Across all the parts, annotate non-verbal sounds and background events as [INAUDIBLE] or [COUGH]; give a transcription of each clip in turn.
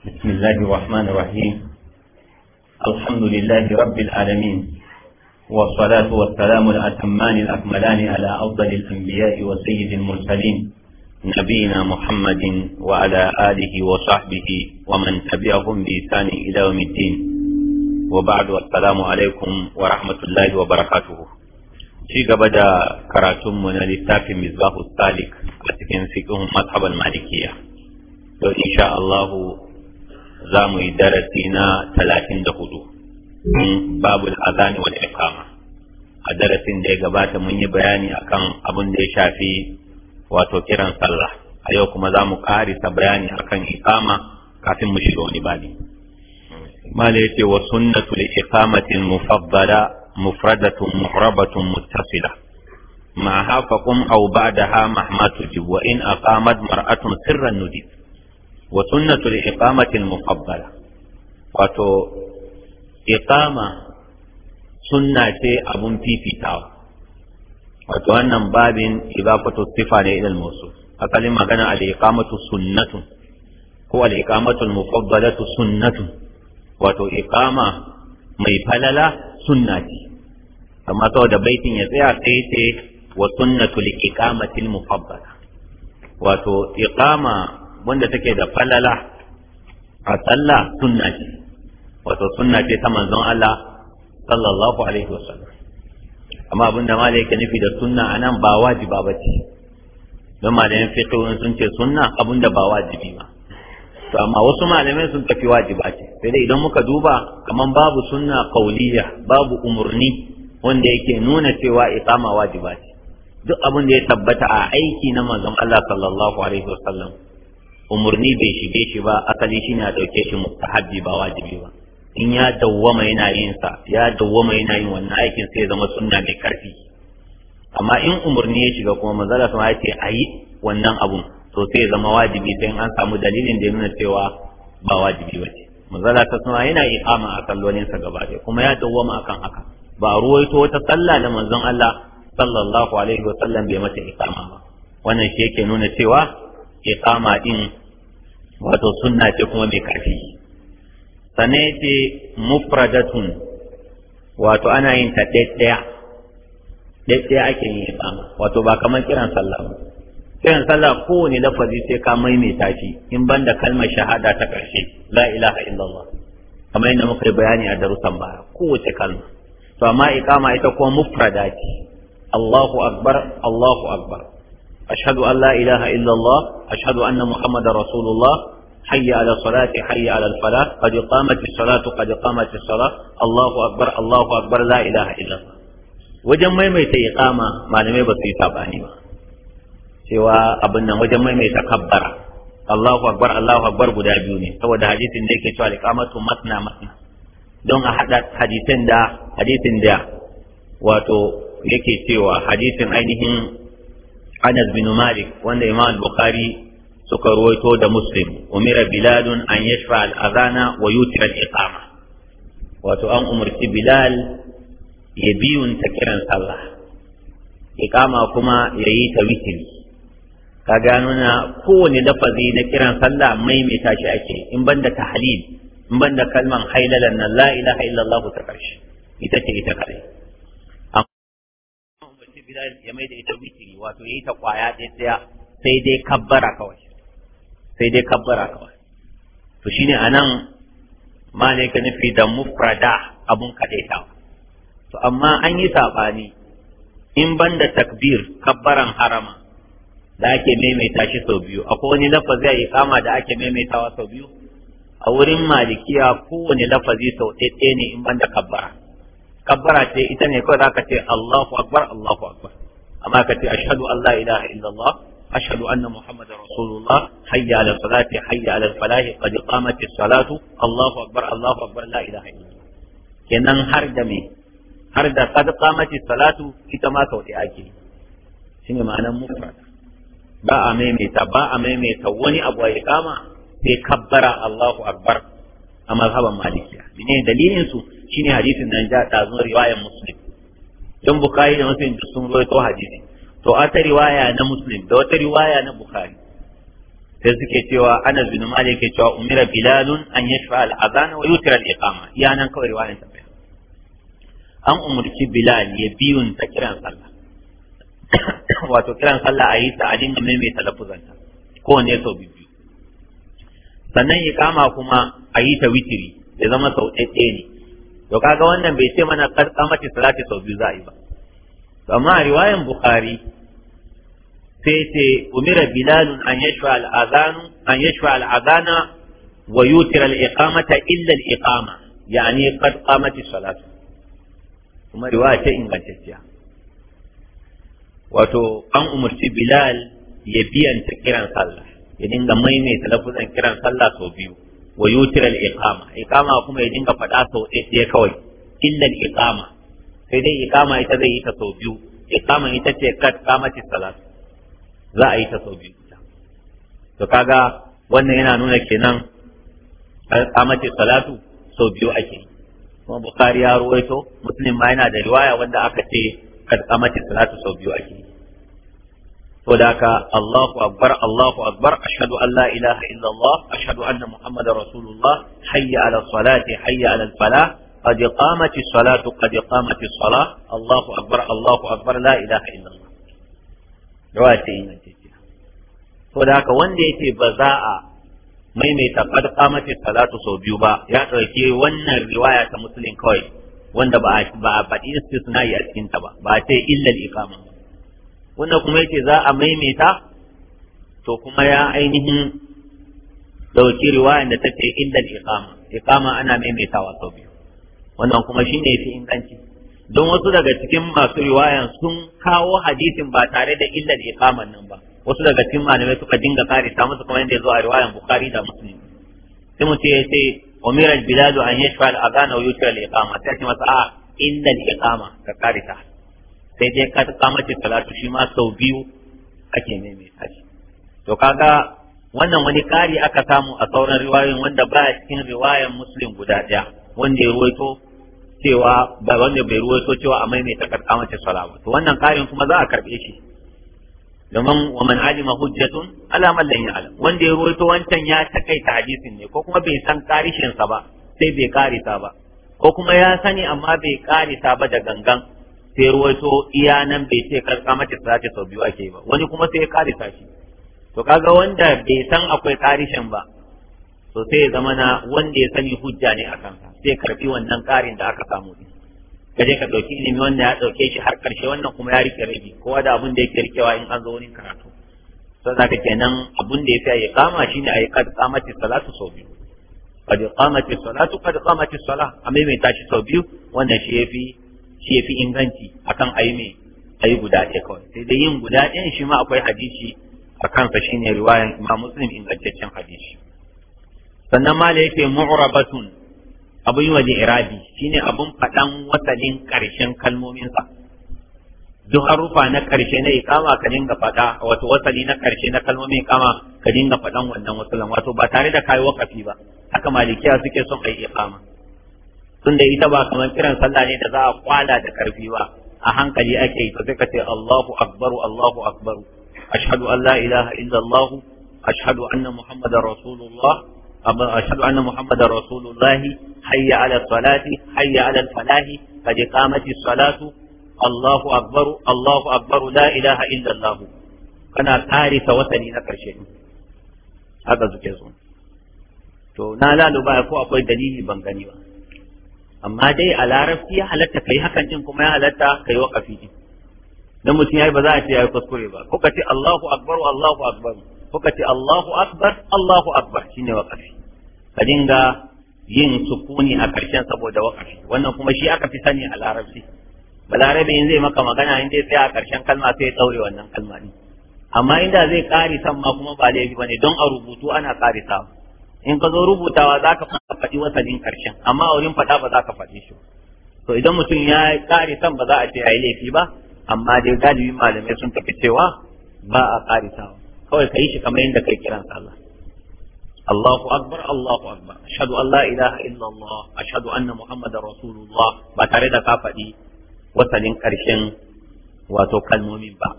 بسم الله الرحمن الرحيم الحمد لله رب العالمين والصلاة والسلام الأتمان الأكملان على أفضل الأنبياء وسيد المرسلين نبينا محمد وعلى آله وصحبه ومن تبعهم بإحسان إلى يوم الدين وبعد السلام عليكم ورحمة الله وبركاته في قبدا كراتم من لتاك مصباح السالك أتكن فيكم مذهب المالكية وإن شاء الله za mu yi darasi na talatin da hudu babu al'azani wal ikama a darasin da ya gabata mun yi bayani akan abin da ya shafi wato kiran sallah a yau kuma za mu karisa bayani akan ikama kafin mu shiga wani babi mala yace wa sunnatu li iqamatin mufaddala mufradatun muhrabatun muttasila معها فقم أو بعدها مهما تجب وإن أقامت mar'atun سرا ندب wa sunnatul iqamatil muqabbala wato iqama sunna ce abun fifitawa wato wannan babin ibafatu sifa ne ila mawsuf asalin magana al iqamatu sunnatu. ko al iqamatu al sunnatu. wato iqama mai falala sunna ce amma saboda baitin ya tsaya sai ce wa sunnatul iqamatil mufaddala wato iqama wanda take da falala a tsalla sunna ce wato sunna ce ta manzon Allah sallallahu alaihi wasallam amma abin da malai yake nufi da sunna anan ba wajiba ba ce don malamin fiqh sun ce sunna abin da ba wajibi ba to amma wasu malamai sun tafi wajiba ce sai dai idan muka duba kaman babu sunna qauliya babu umurni wanda yake nuna cewa iqama wajiba ce duk abin da ya tabbata a aiki na manzon Allah sallallahu alaihi wasallam umarni bai shige shi ba asali ne a dauke shi mustahabbi ba wajibi ba in ya dawwama yana yin sa ya dawwama yana yin wannan aikin sai zama sunna mai karfi amma in umarni ya shiga kuma manzala sun ya ce a yi wannan abun to sai zama wajibi sai an samu dalilin da ya nuna cewa ba wajibi ba ce manzala ta suna yana kama a sa gaba ɗaya kuma ya dawwama akan haka ba ruwaito wata sallah da manzon Allah sallallahu alaihi wa sallam bai mata iqama ba wannan shi yake nuna cewa iqama din wato sunna ce kuma mai karfi sannan ce mufradatun wato ana yin ta ɗaya ɗaya ake yin ba wato ba kamar kiran sallah ba kiran sallah kowane lafazi sai ka mai tafi in banda kalmar shahada ta ƙarshe la ilaha illallah kamar yadda muka yi bayani a darussan baya kowace kalma to amma iqama ita kuma mufrada ce Allahu akbar Allahu akbar أشهد أن لا إله إلا الله أشهد أن محمد رسول الله حي على الصلاة حي على الفلاح قد قامت الصلاة قد قامت الصلاة الله أكبر الله أكبر لا إله إلا الله wajen maimaita iqama malamai ba su yi sabani ba cewa abin nan wajen maimaita kabbara Allahu akbar Allahu akbar guda biyu ne saboda hadisin da yake cewa iqamatu matna matna don a hada hadisin da hadisin da wato yake cewa hadisin ainihin Anas bin Malik wanda Imam Bukhari suka ruwaito da Muslim umira biladun an yashfa al-azana wa yutira al wato an umarci Bilal ya biyun ta kiran sallah iqama kuma ya yi ta witiri ka gano na kowane lafazi na kiran sallah maimaita shi ake in banda tahlil in banda kalman hailalan nan la ilaha illallah ta karshe ita ce ita kadai gida ya mai da ita witiri wato yayi ta kwaya ɗaya sai dai kabbara kawai sai dai kabbara kawai to shine anan ma ne ka nufi da mufrada abun kadaita to amma an yi sabani in banda takbir kabbaran harama da ake maimaita shi sau biyu akwai wani lafazi a ikama da ake maimaitawa sau biyu a wurin malikiya kowane lafazi sau ɗaya ne in banda kabbara kabbara ce ita ne kawai zaka ce Allahu akbar Allahu akbar amma ka ce ashhadu an la ilaha illallah ashhadu anna muhammadar rasulullah hayya ala salati hayya ala falah qad qamatis salatu Allahu akbar Allahu akbar la ilaha illallah kenan har da me har da qad qamatis salatu ita ma kawai ake shine ma'anar mufrad ba a maimaita ba a maimaita wani abu ya kama sai kabbara Allahu akbar a mazhaban malikiya ne dalilin su shine hadisin nan ja ɗazun riwayar muslim don bukari da muslim duk sun rawaito hadisi to a ta riwaya na muslim da wata riwaya na bukari sai suke cewa ana bin malik ke cewa umira bilalun an yashfa al-azana wa yutira al'iƙama ya nan kawai riwayan ta an umurci bilal ya biyun ta kiran sallah [COUGHS] wato kiran sallah a yi ta a dinga maimaita ko ne sau biyu sannan iqama kuma a yi ta witiri ya zama sau ɗaya ne to kaga wannan bai ce mana kar kamati salati sau biyu za a yi ba amma a riwayan bukhari sai ce umira bilalun an yashfa al'azanu an yashfa al'azana wa yutira al'iqamata illa al'iqama yani qad qamati salatu kuma riwaya ce ingantacciya wato an umarci bilal ya biyan ta kiran sallah ya dinga maimaita lafuzan kiran sallah sau biyu wa yutir al-iqama iqama kuma ya dinga faɗa sau ɗaya kawai illa al-iqama sai dai iqama ita zai yi ta sau biyu iqama ita ce kad qamati salat za a yi ta sau biyu to kaga wannan yana nuna kenan qamati salatu sau biyu ake kuma bukhari ya ruwaito muslim ma yana da riwaya wanda aka ce kad qamati salatu sau biyu ake to da ka Allahu akbar Allahu akbar ashhadu an la ilaha illa Allah ashhadu anna muhammadar rasulullah hayya ala salati hayya ala falah قد قامت الصلاة قد قامت الصلاة Allahu أكبر الله أكبر لا إله إلا الله رواية to da haka wanda yake ba za maimaita kad qamati salatu sau biyu ba ya ɗauke wannan riwaya ta musulun kawai wanda ba a faɗi ya a cikinta ba ba a ce illal iqama wanda kuma yake za a maimaita to kuma ya ainihin dauki riwayan da take inda iqama iqama ana maimaitawa sau biyu wannan kuma shine fi inganci don wasu daga cikin masu riwayan sun kawo hadisin ba tare da illa iqaman nan ba wasu daga cikin malamai suka dinga kare ta musu kamar yadda ya zo a riwayan bukhari da muslim sai mu ce ya ce umira bilal an yashfa al adana wa yutra al-iqama sai ce masa a inda al-iqama ka kare ta sai dai ka kamacin talatu shi ma sau biyu ake neme shi to kaga wannan wani ƙari aka samu a sauran riwayoyin wanda ba cikin riwayan muslim guda ɗaya wanda ya ruwaito cewa ba wanda bai ruwaito cewa a maimaita karkamata salama to wannan ƙarin kuma za a karɓe shi domin wa man alima hujjatun ala man lam ya'lam wanda ya ruwaito wancan ya takaita hadisin ne ko kuma bai san karishin sa ba sai bai karisa ba ko kuma ya sani amma bai karisa ba da gangan sai ruwaito iya nan bai ce karka mace ta sau biyu ake ba wani kuma sai ya kare shi to kaga wanda bai san akwai karishin ba to sai ya zama na wanda ya sani hujja ne a kansa sai karfi wannan karin da aka samu din ka je ka dauki ilimi wanda ya dauke shi har karshe wannan kuma ya rike rage kowa da abin da yake rikewa in an zo wani karatu sai zaka kenan abin da yake ya kama shine ayi kad qamati salatu sau biyu kad qamati salatu kad qamati salah amma mai tashi sau biyu wannan shi yafi shi yafi inganci akan ayi mai ayi guda ɗaya kawai sai dai yin guda ɗayan shi ma akwai hadisi a kansa shine riwayan Imam Muslim ingantaccen hadisi sannan ma da yake mu'rabatun abu yi waje irabi shine abun faɗan wasalin ƙarshen kalmominsa duk harufa na ƙarshe na ikama ka dinga faɗa wato wasali na ƙarshe na kalmomin ikama ka dinga faɗan wannan wasalan wato ba tare da kayi wakafi ba haka malikiya suke son ai ikama tunda ita ba kamar kiran sallah ne da za a kwala da karfi ba a hankali ake yi to sai ka ce Allahu akbar Allahu akbar ashhadu an la ilaha illa Allah ashhadu anna muhammadar rasulullah ashhadu anna muhammadar rasulullah hayya ala salati hayya ala falahi qad qamatis salatu Allahu akbar Allahu akbar la ilaha illa Allah kana tarisa watani na karshe haka suke so to na lalu ba ko akwai dalili ban gani ba amma dai a larabci ya halatta kai hakan din kuma ya halatta kai waqafi din dan mutum yayi ba za a ce yayi kuskure ba ko ka Allahu akbar Allahu akbar ko ka Allahu akbar Allahu akbar shine waqafi ka dinga yin sukuni a karshen saboda waqafi wannan kuma shi aka fi sani a larabci balarabe in zai maka magana in dai tsaya a karshen kalma sai ya daure wannan kalma ne amma inda zai kare san ma kuma ba laifi bane don a rubutu ana kare samu in ka zo rubutawa za ka faɗi wasanin ƙarshen amma a wurin faɗa ba za ka faɗi shi to idan mutum ya ƙare san ba za a ce a yi laifi ba amma dai galibin malamai sun tafi cewa ba a ƙare sawa kawai ka yi shi kamar yadda kai kiran sallah Allahu akbar Allahu akbar ashhadu an la ilaha illallah ashhadu anna muhammadar rasulullah ba tare da ka faɗi wasanin ƙarshen wato kalmomin ba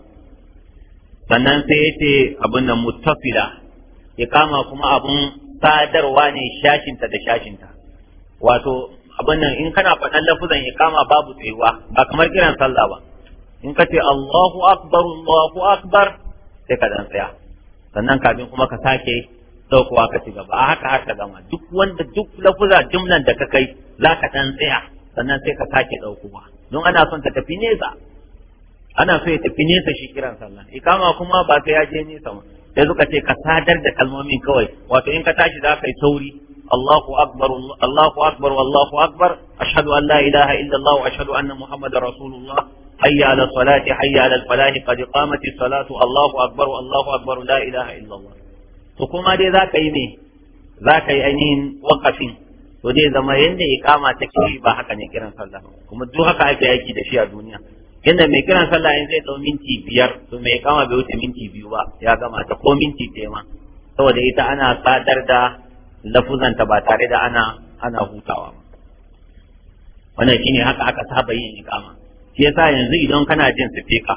sannan sai ya ce abin da muttafila ya kama kuma abun sadarwa ne shashinta da shashinta wato abin nan in kana faɗan lafuzan iqama babu tsayuwa ba kamar kiran sallah ba in ka ce Allahu akbar Allahu akbar sai ka dan tsaya sannan kafin kuma ka sake daukowa ka ci gaba a haka haka gama, duk wanda duk lafuza jumlan da ka kai za ka dan tsaya sannan sai ka sake daukowa don ana son ta tafi nesa ana so ya tafi nesa shi kiran sallah iqama kuma ba sai ya je nesa ba sai suka ce ka sadar da kalmomin kawai wato in ka tashi za ka yi sauri Allahu akbar Allahu akbar Allahu akbar ashhadu an la ilaha illa Allah wa ashhadu anna muhammadar rasulullah hayya ala salati hayya ala falahi qad qamati salatu Allahu akbar Allahu akbar la ilaha illa Allah to kuma dai za ka yi ne za ka yi ainihin wakafin to dai zama yanda iqama take ba haka ne kiran sallah kuma duk haka ake aiki da shi a duniya yadda mai kiran sallah in zai dau minti biyar to mai kama bai wuce minti biyu ba ya gama ta ko minti ɗaya ma saboda ita ana sadar da lafuzanta ba tare da ana ana hutawa wannan shine haka aka saba yin ikama shi yasa yanzu idan kana jin sifika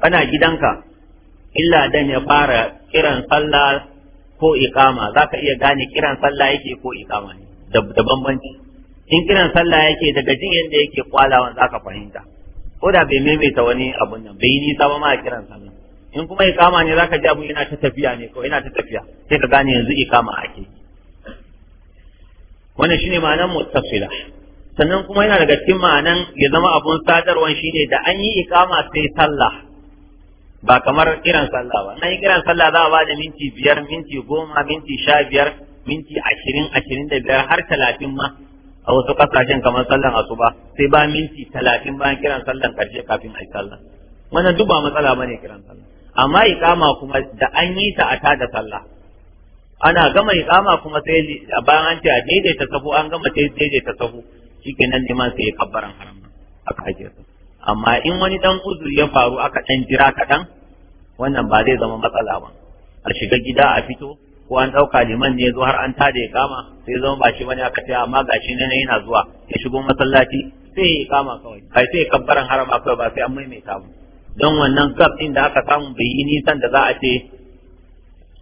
kana gidanka illa dan ya fara kiran sallah ko ikama za ka iya gane kiran sallah yake ko ikama ne da bambanci in kiran sallah yake daga jin yadda yake kwalawan za ka fahimta ko da bai maimaita wani abun nan bai nisa ba ma a kiran sallah in kuma ikama ne zaka ji abu yana ta tafiya ne ko yana ta tafiya sai ka gane yanzu ikama ake wannan shine ma'anar muttasila sannan kuma yana daga cikin ma'anan ya zama abun sadarwan shine da an yi ikama sai sallah ba kamar kiran sallah ba nan kiran sallah za a ba da minti biyar minti goma minti sha biyar minti ashirin ashirin da biyar har talatin ma a wasu kasashen kamar sallan asuba sai ba minti talatin bayan kiran sallan karshe kafin a yi sallan wannan duk ba matsala bane kiran sallan amma iqama kuma da an yi ta a tada sallah ana gama iqama kuma sai bayan an ce a daidaita sahu an gama sai daidaita sahu shikenan neman sai ya kabbaran haram a kaje amma in wani dan uzuri ya faru aka dan jira kaɗan wannan ba zai zama matsala ba a shiga gida a fito ko an ɗauka liman ne zuwa har an da ya kama sai zama ba shi bane aka ce amma gashi ne yana zuwa ya shigo masallaci sai ya kama kawai kai sai kabbaran harama kawai ba sai an maimaita mu don wannan gab din da aka samu bai yi nisan da za a ce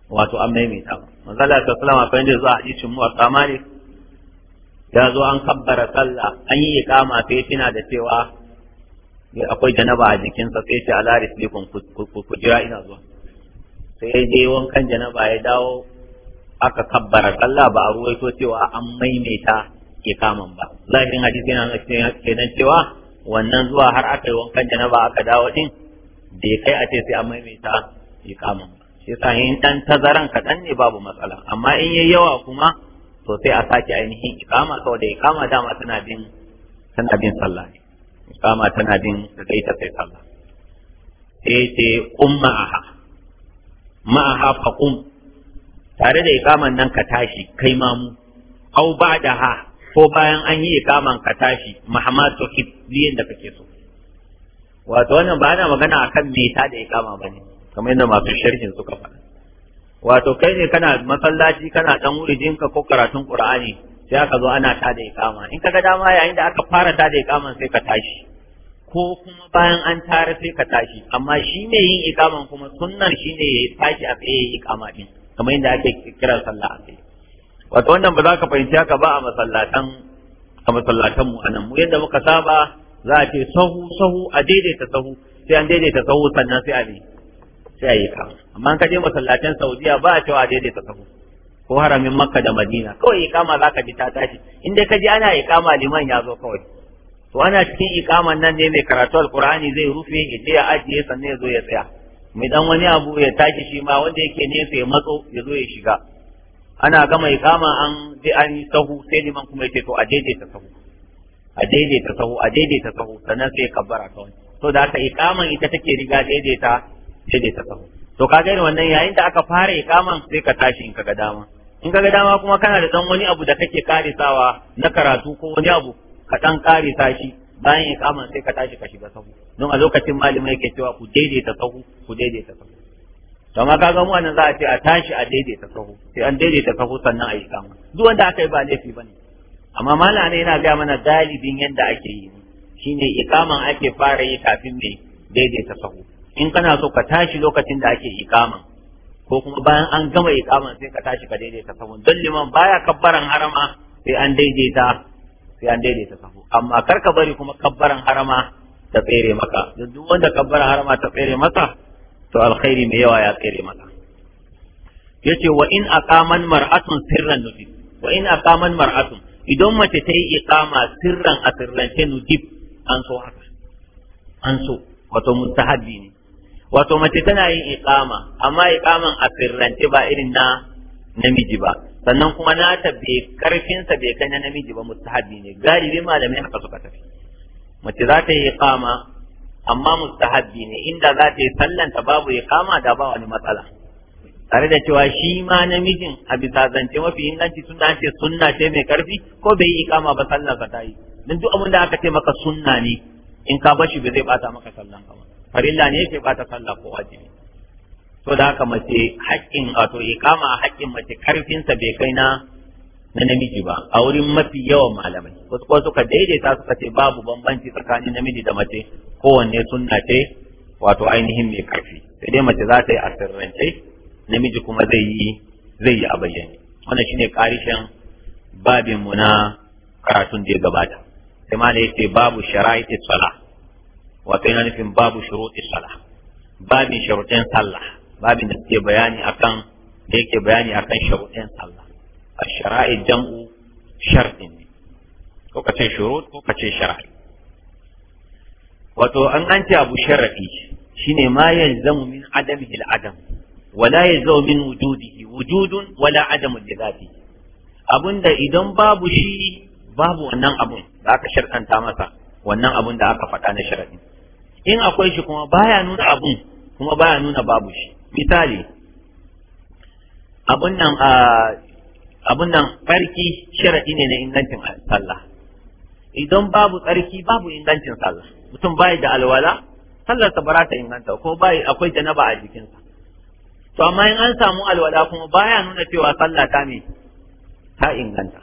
wato an maimaita mu manzala ta sallama fa inda zuwa a mu cin malik ya zo an kabbara sallah an yi kama sai tana da cewa akwai janaba a jikinsa sai ce ala rislikum ku jira ina zuwa sai ya je wankan janaba ya dawo aka kabbara sallah ba a ruwaito cewa an maimaita ikaman ba zahirin hadisi yana kenan cewa wannan zuwa har aka yi wankan janaba aka dawo din ya kai a ce sai an maimaita ikaman ba shi sa in dan tazaran kaɗan ne babu matsala amma in yayi yawa kuma to sai a sake ainihin ikama saboda ikama dama tana bin tana bin sallah ne ikama tana bin da ta sai sallah sai ce umma ma'aha fa qum tare da ikaman nan ka tashi kai ma mamu au ba da ha ko bayan an yi ikaman ka tashi to ki liyan da kake so wato wannan ba na magana akan me ta da ikama bane kamar yadda masu sharhin suka faɗa wato kai ne kana masallaci kana dan wurin ka ko karatun qur'ani sai aka zo ana ta da ikama in kaga dama yayin da aka fara ta da ikaman sai ka tashi ko kuma bayan an tare sai ka tashi amma shi ne yin ikaman kuma sunnar shi ne ya tashi a tsaye ikama din kamar yadda ake kira sallah a kai wato wannan ba za ka fahimci haka ba a masallatan a masallatan mu anan mu yadda muka saba za a ce sahu sahu a daidaita sahu sai an daidaita sahu sannan sai a sai a yi ka amma an kaje masallatan Saudiya ba a cewa a daidaita sahu ko haramin Makka da Madina kawai ikama za ka ji ta tashi in dai ka ji ana ikama liman ya zo kawai to ana cikin ikaman nan ne mai karatu alqur'ani zai rufe ya je ya ajiye sannan ya zo ya tsaya mai dan wani abu ya tashi shi ma wanda yake nesa ya matso ya zo ya shiga ana gama ikama an sai an yi sahu sai liman kuma ya to a daidaita sahu a daidaita sahu a daidaita sahu sannan sai ya kabbara wani, to da aka ikaman ita take riga daidaita daidaita sahu to ka gani wannan yayin da aka fara ikaman sai ka tashi in kaga dama in kaga dama kuma kana da dan wani abu da kake karisawa na karatu ko wani abu ka dan karisa shi bayan kama sai ka tashi ka shiga sahu don a lokacin malamai yake cewa ku daidaita sahu ku daidaita sahu to amma kaga mu anan za a ce a tashi a daidaita sahu sai an daidaita sahu sannan a yi kama duk wanda aka yi ba laifi bane amma malamai yana ga mana galibin yanda ake yi shine ikama ake fara yi kafin mai daidaita sahu in kana so ka tashi lokacin da ake ikama ko kuma bayan an gama ikaman sai ka tashi ka daidaita sahu, don liman baya kabbaran harama sai an daidaita sai an daidaita sahu amma kar ka bari kuma kabbaran harama ta tsere maka duk wanda kabbaran harama ta tsere maka to alkhairi mai yawa ya tsere maka yace wa in aqaman mar'atun sirran nujib wa in aqaman mar'atun idan mace ta yi iqama sirran a sirrance nujib an so haka an so wato mustahabi ne wato mace tana yin iqama amma iqaman a sirrance ba irin na namiji ba sannan kuma nata bai karfinsa bai kai na namiji ba mustahabi ne galibi malamai haka suka tafi mace za ta yi kama, amma mustahabi ne inda za ta yi sallanta babu kama, da ba wani matsala tare da cewa shi ma namijin a bisa zance mafi inganci sunna ce sunna ce mai karfi ko bai yi kama ba sallarsa ta yi dan duk abin da aka ce maka sunna ne in ka bashi ba zai bata maka sallan ka ba farilla ne yake bata sallah ko wajibi to da haka mace haƙƙin wato iqama haƙƙin mace karfinsa bai kai na na namiji ba a wurin mafi yawan malamai wasu kuma suka daidaita suka ce babu bambanci tsakanin namiji da mace kowanne sunna ce wato ainihin mai karfi sai dai mace za ta yi a sirrance namiji kuma zai yi zai yi a bayyane wannan shine karishin babin mu na karatun da ya gabata sai ma yace babu sharaiti sala wato yana nufin babu shuru'i sala babin sharuɗin sallah babin da suke bayani akan da yake bayani akan sharuɗin sallah ash-shara'i jam'u shar'in ko kace shurut ko kace shara'i wato an an abu sharafi shine ma yalzamu min adam al-adam wala yalzamu min wujudihi wujudun wala adamu lidati abunda idan babu shi babu wannan abun da aka shartanta masa wannan abun da aka faɗa na sharadi in akwai shi kuma baya nuna abun kuma baya nuna babu shi misali abun nan a ah, abun nan tsarki sharadi ne na ingancin sallah idan babu tsarki babu ingancin sallah mutum bai da alwala sallar ta barata ta inganta ko bai akwai janaba a jikinsa to amma in an samu alwala kuma baya nuna cewa sallah ta ne ta inganta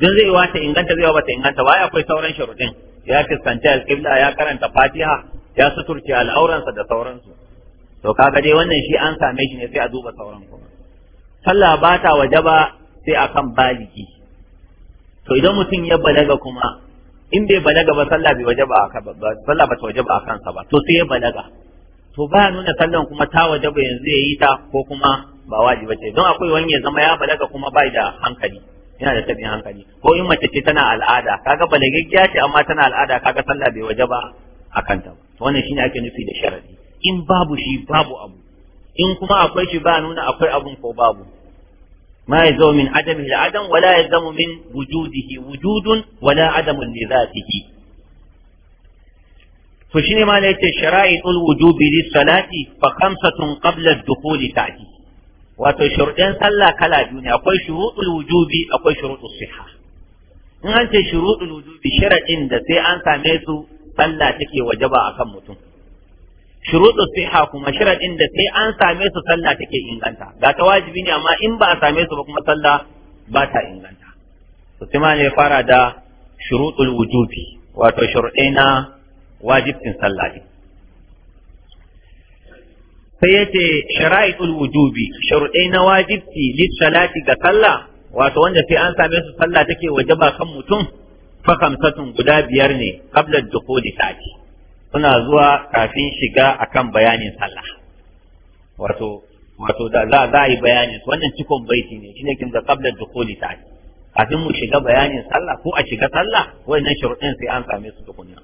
don zai wa ta inganta zai ba ta inganta baya akwai sauran shuruɗin ya fuskanci alƙibla ya karanta fatiha ya suturce al'auransa da sauransu to kaga dai wannan shi an same shi ne sai a duba sauran kuma sallah ba ta wajaba sai akan baligi to idan mutum ya balaga kuma in bai balaga ba sallah bai wajaba aka ba sallah ba ta wajaba akan sa ba to sai ya balaga to ba nuna sallan kuma ta wajaba yanzu ya yi ta ko kuma ba wajiba ce don akwai wani ya zama ya balaga kuma bai da hankali yana da tabin hankali ko in mace ce tana al'ada kaga balagaggiya ce amma tana al'ada kaga sallah bai wajaba akan ta wannan shine ake nufi da sharadi in babu shi babu abu in kuma akwai shi ba nuna akwai abun ko babu ما يلزم من عدمه العدم ولا يلزم من وجوده وجود ولا عدم لذاته فشنو ما ليت شرائط الوجوب للصلاة فخمسة قبل الدخول تأتي wato shuruɗin sallah kala biyu ne akwai shuruɗul wujubi akwai shuruɗul siha in an ce shuruɗul wujubi sharaɗin da sai an same su sallah take wajaba akan mutum shuruɗu siha kuma shiraɗin da sai an same su sallah take inganta ga ta wajibi ne amma in ba a same su ba kuma sallah ba ta inganta to sai ma ne fara da shuruɗul wujubi wato shuruɗe na wajibcin sallah ne sai yace shara'itul wujubi shuruɗe na wajibci lissalati ga sallah wato wanda sai an same su sallah take wajaba kan mutum fa kamsatun guda biyar ne qabla dukhuli sati suna zuwa kafin shiga akan bayanin sallah wato wato da za a yi bayanin wannan cikon baiti ne shine kin da qabla dukhuli ta kafin mu shiga bayanin sallah ko a shiga sallah wannan shuruɗin sai an same su tukunna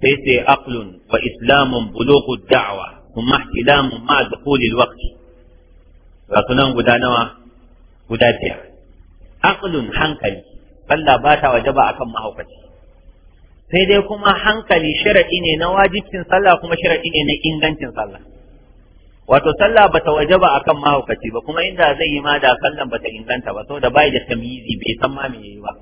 sai sai aqlun wa islamun bulughu da'wa kuma ihtilamun ma dukhuli alwaqt ga sunan guda nawa guda biyar aqlun hankali sallah ba ta wajaba akan mahaukaci sai dai kuma hankali sharaɗi ne na wajibcin sallah kuma sharaɗi ne na ingancin sallah wato sallah bata wajaba akan mahaukaci ba kuma inda zai yi ma da sallan bata inganta ba saboda bai da tamizi bai san ma me yayi ba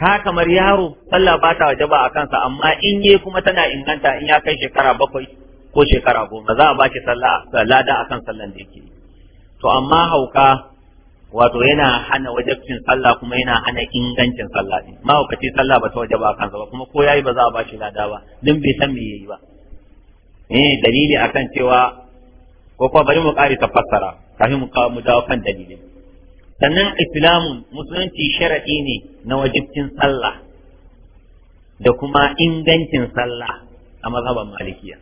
ka kamar yaro sallah bata ba akan sa amma in yi kuma tana inganta in ya kai shekara bakwai ko shekara goma za a ba shi sallah lada akan sallan da yake to amma hauka wato yana hana wajabcin sallah kuma yana hana ingancin sallah din ma wakati sallah ba ta wajaba a kansa ba kuma ko yayi ba za a bashi lada ba din bai san me yayi ba eh dalili akan cewa ko kuma bari mu kare ta fassara kafin mu ka mu dawo kan dalilin sannan islamun musulunci sharadi ne na wajibcin sallah da kuma ingancin sallah a mazhaban malikiya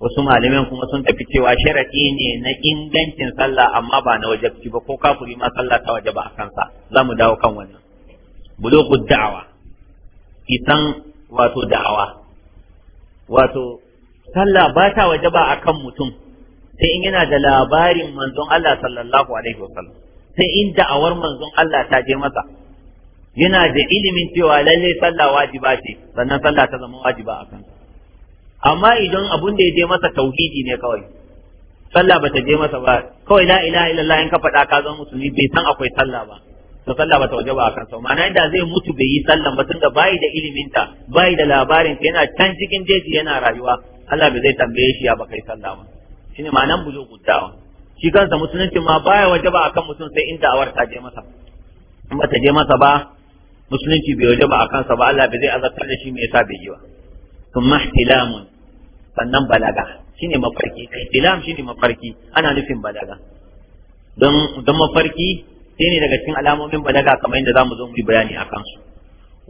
wasu malamin kuma sun tafi cewa sharadi ne na ingancin sallah amma ba na wajabci ba ko kafuri ma sallah ta wajaba a kansa za mu dawo kan wannan bulughu da'wa isan wato da'awa wato sallah ba ta wajaba akan mutum sai in yana da labarin manzon Allah sallallahu alaihi wasallam sai in da'awar manzon Allah ta je masa yana da ilimin cewa lalle sallah wajiba ce sannan sallah ta zama wajiba a kansa amma idan abun da ya je masa tauhidi ne kawai sallah bata je masa ba kawai la ilaha illallah in ka faɗa ka zama musulmi bai san akwai sallah ba to sallah bata waje ba a kansa ma'ana inda zai mutu bai yi sallan ba tunda bai da ilimin ta bai da labarin yana can cikin jeji yana rayuwa Allah bai zai tambaye shi ya ba kai sallah ba shine ma'anan bulughud da'wa shi kansa musulunci ma baya waje ba kan mutum sai inda awar ta je masa in bata je masa ba musulunci bai waje ba a sa ba Allah bai zai azabtar da shi me yasa bai yi ba ثم احتلام sannan balaga shine mafarki ihtilam shine mafarki ana nufin balaga don don mafarki sai ne daga cikin alamomin balaga kamar yadda zamu zo mu yi bayani akan su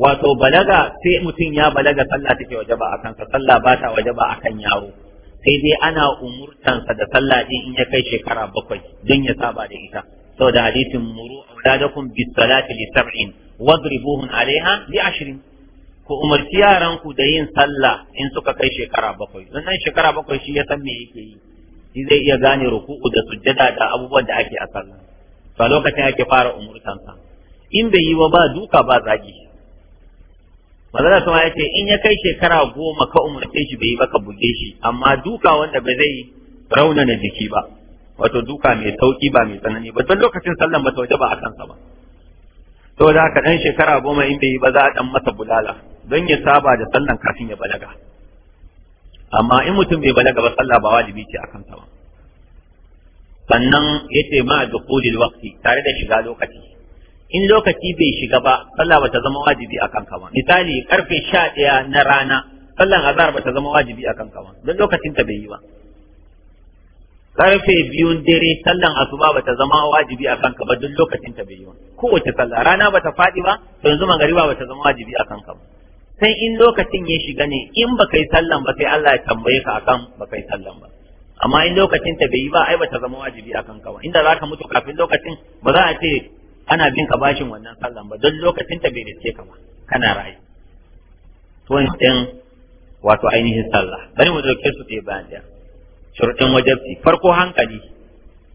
wato balaga sai mutum ya balaga sallah take wajaba akan sa sallah ba ta wajaba akan yaro sai dai ana umurtansa da sallah din in ya kai shekara bakwai don ya saba da ita saboda hadisin muru auladakum bis salati li sab'in wadribuhum alaiha li ashrin ku umarci yaranku da yin sallah in suka kai shekara bakwai don nan shekara bakwai shi ya san me yake yi shi zai iya gane ruku'u da sujjada da abubuwan da ake a sallah to a lokacin ake fara umurtansa in bai yi ba ba duka ba zagi manzala sama ya ce in ya kai shekara goma ka umarce shi bai yi ba ka buge shi amma duka wanda ba zai raunana jiki ba wato duka mai sauki ba mai tsanani ba don lokacin sallan ba ta waje ba a kansa ba to da haka dan shekara goma in bai yi ba za a dan masa bulala don ya saba da sallan kafin ya balaga amma in mutum bai balaga ba sallah ba wajibi ce akan sa ba sannan yace ma duqulil waqti tare da shiga lokaci in lokaci bai shiga ba sallah ba ta zama wajibi akan ka ba misali karfe 11 na rana sallan azhar ba ta zama wajibi akan ka ba don lokacin ta bai yi ba karfe biyun dare sallan asuba ba ta zama wajibi akan ka ba don lokacin ta bai yi ba kowace sallah rana ba ta faɗi ba yanzu magariba ba ta zama wajibi akan ka ba sai in lokacin ya shiga ne in ba kai sallan ba sai Allah ya tambaye ka akan ba kai sallan ba amma in lokacin ta bai ba ai bata zama wajibi akan ka ba inda ka mutu kafin lokacin ba za a ce ana bin ka bashin wannan sallan ba don lokacin ta bai riske ka ba kana rayu to in wato ainihin sallah bari mu dauke su ɗaya bayan da shuruɗin wajabci farko hankali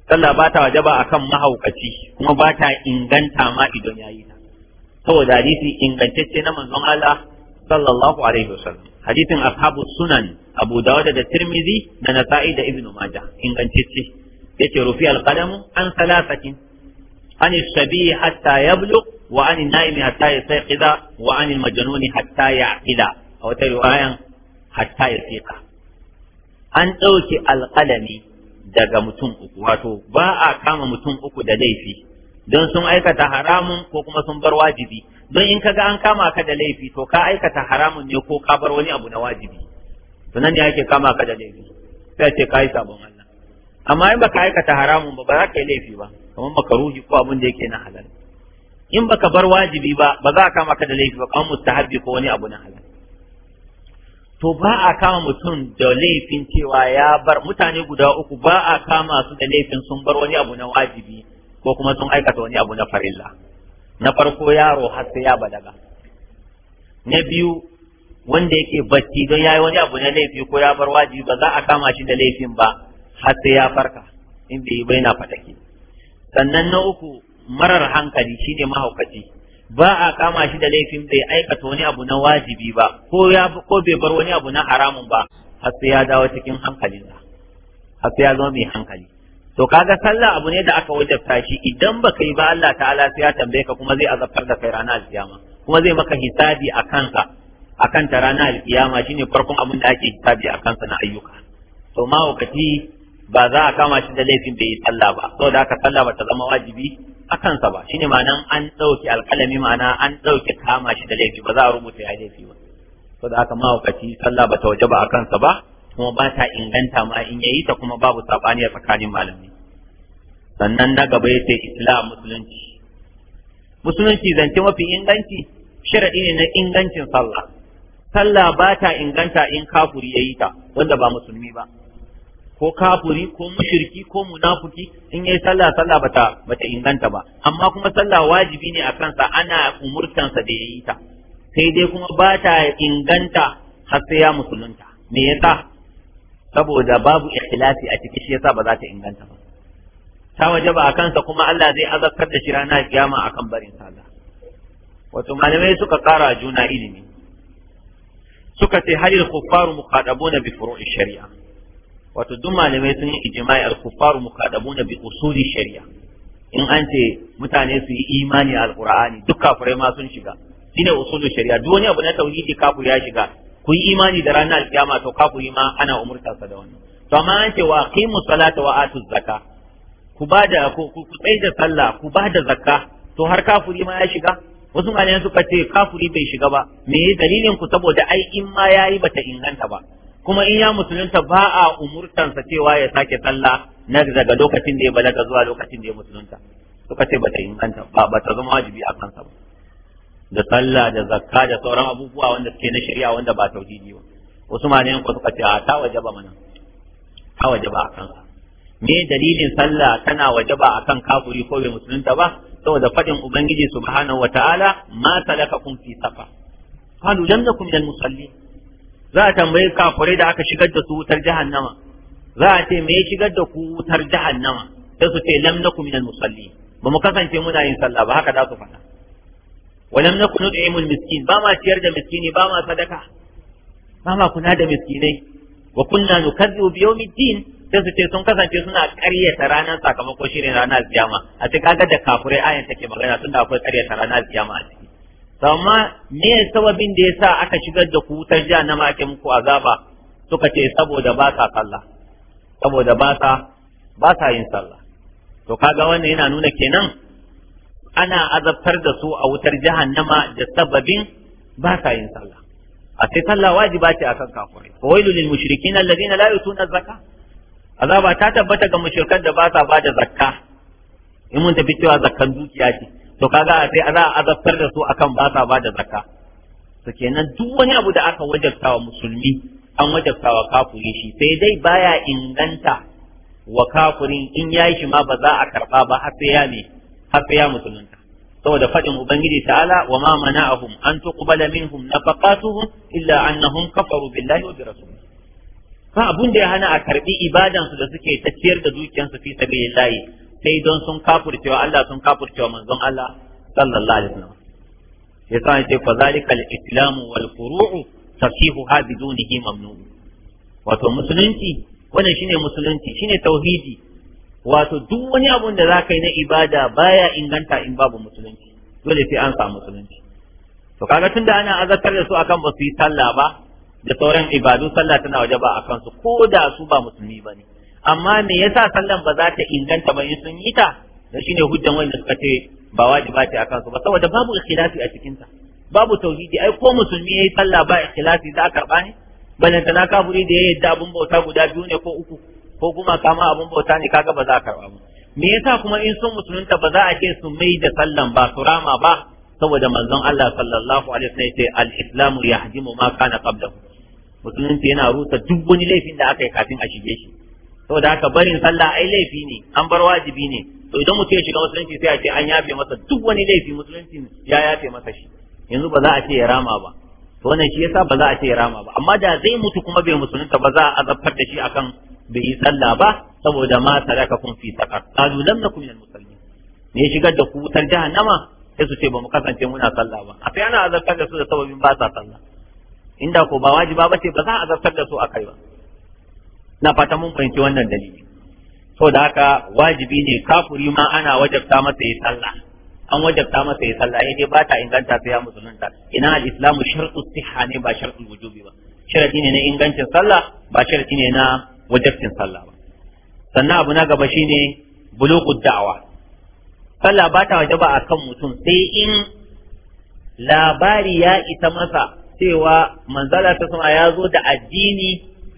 sallah ba ta wajaba akan mahaukaci kuma ba ta inganta ma idon ya ta saboda hadisi ingantacce na manzon Allah sallallahu alaihi wasallam hadisin ashabu sunan abu dawud da tirmidhi da nasa'i da ibnu majah ingantacce yace rufi alqalamu an salasatin an sabi hatta yablugh wa an naimi hatta yastayqiza wa an majnuni hatta ya'qila a wata riwayan hatta yafiqa an dauki alqalami daga mutum uku wato ba a kama mutum uku da laifi don sun aikata haramun ko kuma sun bar wajibi don in kaga an kama ka da laifi to ka aikata haramun ne ko ka bar wani abu na wajibi to nan ne ake kama ka da laifi sai ce ka yi sabon Allah amma in baka aikata haramun ba ba za ka yi laifi ba kamar makaruhi ko abin da yake na halal in baka bar wajibi ba ba za a kama ka da laifi ba kamar mustahabbi ko wani abu na halal to ba a kama mutum da laifin cewa ya bar mutane guda uku ba a kama su da laifin sun bar wani abu na wajibi ko kuma sun aikata wani abu na farilla na farko yaro har sai ya balaga na biyu wanda yake bacci don yayi wani abu na laifi ko ya bar wajibi ba za a kama shi da laifin ba har sai ya farka in bai yi na fataki sannan na uku marar hankali shine mahaukaci ba a kama shi da laifin bai aikata wani abu na wajibi ba ko ya ko bai bar wani abu na haramun ba har sai ya dawo cikin hankalinsa har sai ya zama mai hankali to kaga sallah abu ne da aka wajabta shi idan baka yi ba Allah ta'ala sai ya tambaye ka kuma zai azabtar da kai ranar alkiyama kuma zai maka hisabi a kanka akan ta ranar alkiyama shine farkon abin da ake hisabi a kansa na ayyuka to ma wakati ba za a kama shi da laifin bai yi sallah ba saboda haka sallah ba ta zama wajibi a kansa ba shine ma'ana an ɗauke alƙalami ma'ana an ɗauke kama shi da laifi ba za a rubuta ya laifi ba saboda haka mahaukaci sallah ba ta waje a kansa ba kuma ba ta inganta ma in yayi ta kuma babu sabani a tsakanin malamai sannan na gaba yace islam musulunci musulunci zance mafi inganci shar'i ne na ingancin sallah sallah ba ta inganta in kafuri yayi ta wanda ba musulmi ba ko kafuri ko mushriki ko munafuki in yayi sallah sallah bata bata inganta ba amma kuma sallah wajibi ne a kansa ana umurtansa da yayi ta sai dai kuma ba ta inganta har sai ya musulunta me yasa saboda babu ikhlasi a ciki shi yasa ba za ta inganta ba ta ba a kansa kuma Allah zai azabtar da shi rana kiyama akan barin sallah wato malamai suka kara juna ilimi suka ce halil kuffaru muqadabuna bi furu'i shari'a wato duk malamai sun yi ijma'i al kuffaru muqadabuna bi usuli shari'a in an ce mutane su yi imani al qur'ani duk kafirai ma sun shiga shine usulu shari'a duk wani abu na tauhidi kafir ya shiga ku yi imani da ranar alkiyama to yi ma ana umurta sa da wani. to amma an ce wa aqimu salata wa atu zakka ku ba da ku tsai da sallah ku ba da zakka to har kafuri ma ya shiga wasu malamai suka ce kafuri bai shiga ba me dalilin ku saboda ai in ma yayi bata inganta ba kuma in ya musulunta ba a umurtansa cewa ya sake sallah na daga lokacin da ya balaga zuwa lokacin da ya musulunta suka ce bata inganta ba ta zama wajibi a kansa ba da sallah da zakka da sauran abubuwa wanda suke na shari'a wanda ba tauhidi ba wasu malayan ku suka ce a ta wajaba mana ta wajaba akan me dalilin sallah tana wajaba akan kafuri ko bai musulunta ba saboda fadin ubangiji subhanahu wataala ma salakakum fi safa qalu lam nakum minal musalli. za a tambayi kafurai da aka shigar da su wutar jahannama za a ce me ya shigar da ku wutar jahannama sai su ce lam nakum minal musallin ba mu kasance muna yin sallah ba haka za su faɗa walam nakun nud'imul miskin ba ma ciyar da miskini ba ma sadaka ba ma kuna da miskinai wa kunna nukazzibu bi yawmiddin sai su ce sun kasance suna ƙaryata ranar sakamakon shirin ranar ziyama a cikin kaga da kafurai ayan take magana tunda akwai ƙaryata ranar ziyama a ciki amma me sababin da yasa aka shigar da ku wutar jahannama ake muku azaba suka ce saboda ba sa sallah saboda ba sa ba sa yin sallah to kaga wannan yana nuna kenan ana azabtar da su a wutar jahannama da sababin ba sa yin sallah a sai sallah wajiba ce akan kafirai wa wailu lil mushrikin alladhina la yutuna zakka azaba ta tabbata ga mushrikan da ba sa ba da zakka in mun tafi cewa zakkan dukiya ce to kaga sai za a azabtar da su akan ba sa ba da zakka to kenan duk wani abu da aka wajabta wa musulmi an wajabta wa kafiri shi sai dai baya inganta wa kafirin in yayi shi ma ba za a karba ba har sai ya ne har sai ya musulun saboda faɗin ubangiji ta'ala wa ma mana'ahum an tuqbala minhum nafaqatuhum illa annahum kafaru billahi wa bi rasulihi abun da ya hana a karbi ibadan su da suke ta ciyar da dukiyansu fi sabilillah sai don sun kafurcewa Allah sun kafurcewa manzon Allah sallallahu alaihi wasallam yasa yace fa zalika al-islam wal furu'u tasihuha bidunihi mamnu wato musulunci wannan shine musulunci shine tauhidi wato duk wani abun da zaka yi na ibada baya inganta in babu musulunci dole sai an samu musulunci to kaga tun da ana azartar da su akan ba su yi sallah ba da sauran ibadu sallah tana waje ba akan su ko da su ba musulmi bane amma me yasa sallan ba za ta inganta ba in sun yi ta da shine hujjan wanda suka ce ba wajiba ce akan su ba saboda babu ikhilafi a cikin ta babu tauhidi ai ko musulmi yayi sallah ba kilasi za a karba ne balantana kafiri da ya yadda abun bauta guda biyu ne ko uku ko kuma kama abun bauta ne kaga ba za a karba ba me yasa kuma in sun musulunta ba za a ce su mai da sallan ba su rama ba saboda manzon Allah sallallahu alaihi wasallam ce al-islamu yahdimu ma kana qablahu musulunci yana rusa duk wani laifin da aka yi kafin a shige shi saboda haka barin sallah ai laifi ne an bar wajibi ne to idan mutum ya shiga musulunci sai a ce an yafe masa duk wani laifi musulunci ya yafe masa shi yanzu ba za a ce ya rama ba to wannan shi yasa ba za a ce ya rama ba amma da zai mutu kuma bai musulunta ba za a azabtar da shi akan bai yi sallah ba saboda ma saraka kun fi saka qalu lam nakum minal musallin ne shigar da ku wutar jahannama sai su ce ba mu kasance muna sallah ba akai ana azabtar da su da sababin ba sa sallah inda ko ba wajiba ba ce ba za a azabtar da su a kai ba na fata mun fahimci wannan dalili to da haka wajibi ne kafuri ma ana wajabta masa yi sallah an wajabta masa yi sallah yayin ba ta inganta sai ya musulunta ina al-islamu shartu sihha ne ba shartu wujubi ba sharadi ne na ingancin sallah ba sharadi ne na wajabcin sallah ba sannan abu na gaba shine bulughud da'wa sallah ba ta wajaba akan mutum sai in labari ya isa masa cewa manzala ta sama ya zo da addini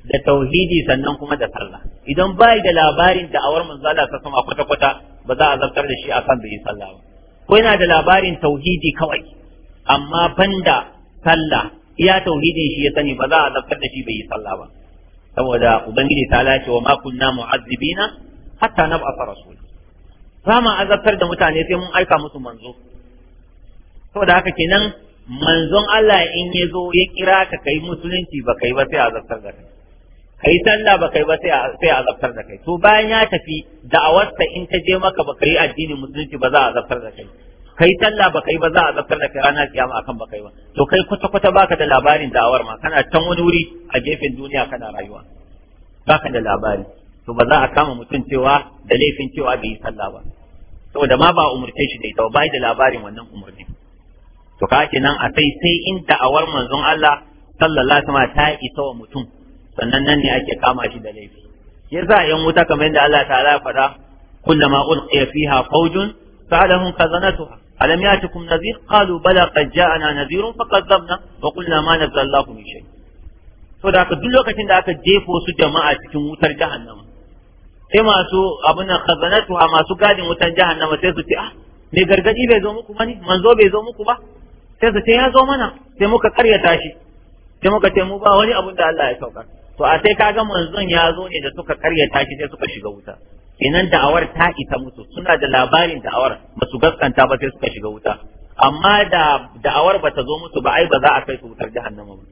da tauhidi sannan kuma da sallah idan bai da labarin da'awar manzala ta sama kwata kwata ba za a zartar da shi akan bai sallah ba ko yana da labarin tauhidi kawai amma banda sallah iya tauhidin shi ya sani ba za a zartar da shi bai yi sallah ba saboda ubangiji ta lace wa ma kunna mu'azzibina hatta nab'a rasul ba ma azabtar da mutane sai mun aika musu manzo saboda haka kenan manzon Allah in ya zo ya kira ka kai musulunci ba kai ba sai azabtar da kai kai sallah ba kai ba sai azabtar da kai to bayan ya tafi da'awarsa in ta je maka ba kai addinin musulunci ba za a azabtar da kai kai sallah ba kai ba za a zaftar da kai ranar kiyama akan ba kai ba to kai kwata kwata baka da labarin da'awar ma kana can wani wuri a gefen duniya kana rayuwa baka da labari to ba za a kama mutum cewa da laifin cewa bai yi talla ba saboda ma ba umurce shi da ita ba da labarin wannan umurni to ka ce nan a sai sai in da'awar manzon Allah sallallahu alaihi ta isa wa mutum sannan nan ne ake kama shi da laifi yasa yan wuta kamar yadda Allah ta'ala ya faɗa kullama ulqiya fiha fawjun فعلهم خزنتها ألم يأتكم نذير قالوا بلى قد جاءنا نذير فكذبنا وقلنا ما نزل الله من شيء saboda duk lokacin da aka jefo su jama'a cikin wutar jahannama sai masu abin nan khazanatuha masu gadin wutar jahannama sai su ce ah me gargadi bai zo muku bane manzo bai zo muku ba sai su ce ya zo mana sai muka karyata shi sai muka ce mu ba wani abin da Allah ya saukar to a sai kaga manzon ya zo ne da suka karyata shi sai suka shiga wuta inan da'awar ta isa musu suna da labarin da'awar ba su gaskanta ba sai suka shiga wuta amma da da'awar ba ta zo musu ba ai ba za a kai su wutar jahannama ba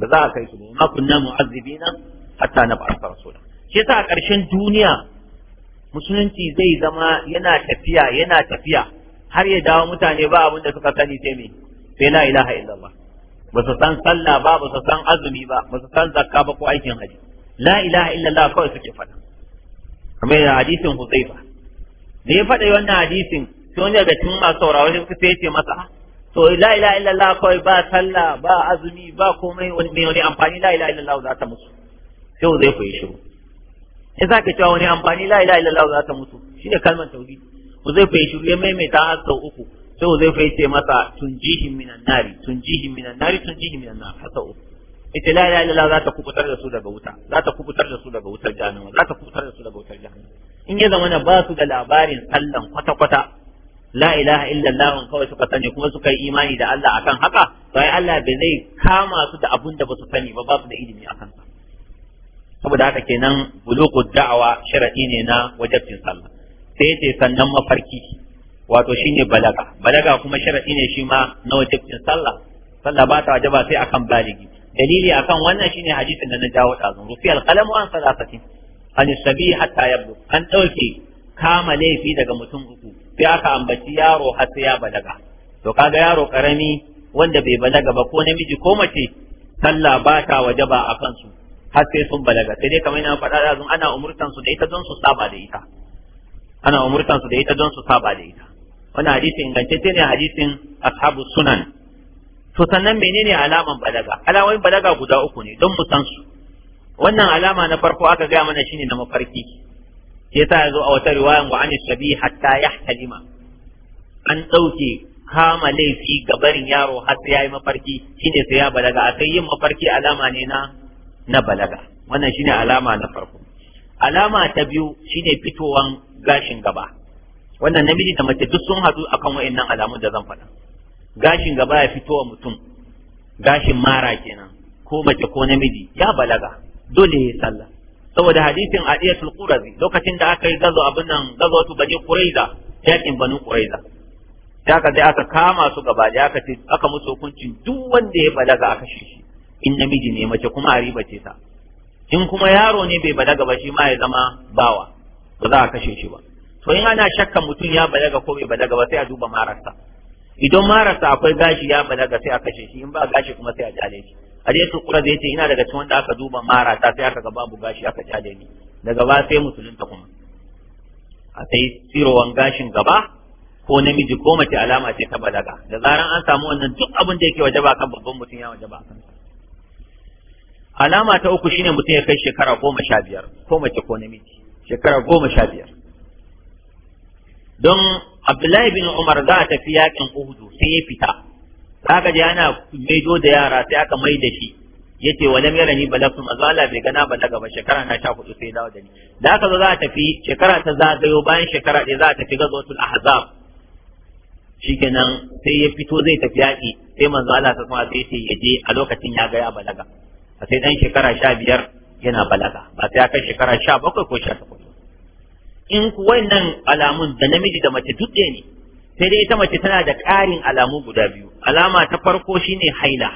ba za a kai su ma kunna mu'azzibina hatta na ba'a rasula shi yasa a ƙarshen duniya musulunci zai zama yana tafiya yana tafiya har ya dawo mutane ba abin da suka sani sai me sai la ilaha illallah ba su san sallah ba ba su san azumi ba ba su san zakka ba ko aikin haji la ilaha illallah kawai suke faɗa kamar da hadisin Huzaifa da ya faɗa wannan hadisin sai wani daga cikin masu saurawa shi sai ce masa to la ilaha illallah kawai ba sallah ba azumi ba komai wani ne wani amfani la ilaha illallah za ta musu sai Huzaifa ya shiru in za ka cewa wani amfani la ilaha illallah za ta musu shine kalmar tauhid Huzaifa ya shiru ya maimaita har sau uku sai Huzaifa yace masa tunjihim minan nari tunjihim minan nari tunjihim minan nar hasa uku ita la ilaha illallah za kubutar da su daga wuta zata kubutar da su daga wutar jahannama zata kubutar da su daga wutar jahannama in ya zama ba su da labarin sallan kwata kwata la ilaha illallah kawai suka sani kuma suka yi imani da Allah akan haka to Allah bai zai kama su da abun da ba su sani ba ba su da ilimi akan sa saboda haka kenan buluqud da'awa sharadi ne na wajibin sallah sai yace sannan mafarki wato shine balaga balaga kuma sharadi ne shi ma na wajibin sallah sallah ba ta wajaba sai akan baligi dalili akan wannan shine hadisin da na jawo dazun rufi alqalamu an salasatin an sabi hatta yabdu an dauke kama laifi daga mutum uku sai aka ambaci yaro har sai ya balaga to kaga yaro karami wanda bai balaga ba ko namiji ko mace sallah ba ta wajaba a kansu har sai sun balaga sai dai kamar yana faɗa da ana umurtan su da ita don su saba da ita ana umurtan su da ita don su saba da ita wannan hadisin ingantacce ne hadisin ashabu sunan to sannan menene alaman balaga alamomin balaga guda uku ne don mu san su wannan alama na farko aka gaya mana shine na mafarki ya sa yazo a wata riwayan wa an shabi hatta yahtalima an dauke kama laifi ga barin yaro har sai yayi mafarki shine sai ya balaga sai yin mafarki alama ne na na balaga wannan shine alama na farko alama ta biyu shine fitowan gashin gaba wannan namiji da mace duk sun haɗu akan wa'annan alamun da zan faɗa gashin gaba ya fito wa mutum gashin mara kenan ko mace ko namiji ya balaga dole ya sallah saboda hadisin adiyatul qurazi lokacin da aka yi gazo abin nan gazawatu bani quraiza yakin bani quraiza da aka aka kama su gaba da aka ce aka musu hukuncin duk wanda ya balaga aka shi in namiji ne mace kuma a riba ce ta in kuma yaro ne bai balaga ba shi ma ya zama bawa ba za a kashe shi ba to in ana shakkan mutum ya balaga ko bai balaga ba sai a duba marasa idan marasa akwai gashi ya balaga sai a kashe shi in ba gashi kuma sai a jale shi hadisi kura zai ce ina daga cikin wanda aka duba marasa sai aka ga babu gashi aka jale ni daga ba sai musulun ta kuma a sai tsirowan gashin gaba ko namiji ko mace alama ce ta balaga da zaran an samu wannan duk abin da yake ba kan babban mutum ya waje ba kan alama ta uku shine mutum ya kai shekara goma sha biyar ko mace ko namiji shekara goma sha biyar don abdullahi bin umar za a tafi yakin uhudu sai ya fita kaga je ana maido da yara sai aka mai da shi yace walam yarani a zala bai gana balaga ba shekara na sha 14 sai dawo da ni da aka zo za a tafi shekara ta zagayo bayan shekara ɗaya za a tafi gazwatul ahzab kenan sai ya fito zai tafi yaƙi sai manzo Allah ta kuma sai ya je a lokacin ya ga ya balaga a sai dan shekara sha biyar yana balaga ba sai ya kai shekara bakwai ko sha takwas. in wannan alamun da namiji da mace duk ne sai dai ita mace tana da ƙarin alamu guda biyu alama ta farko shine haila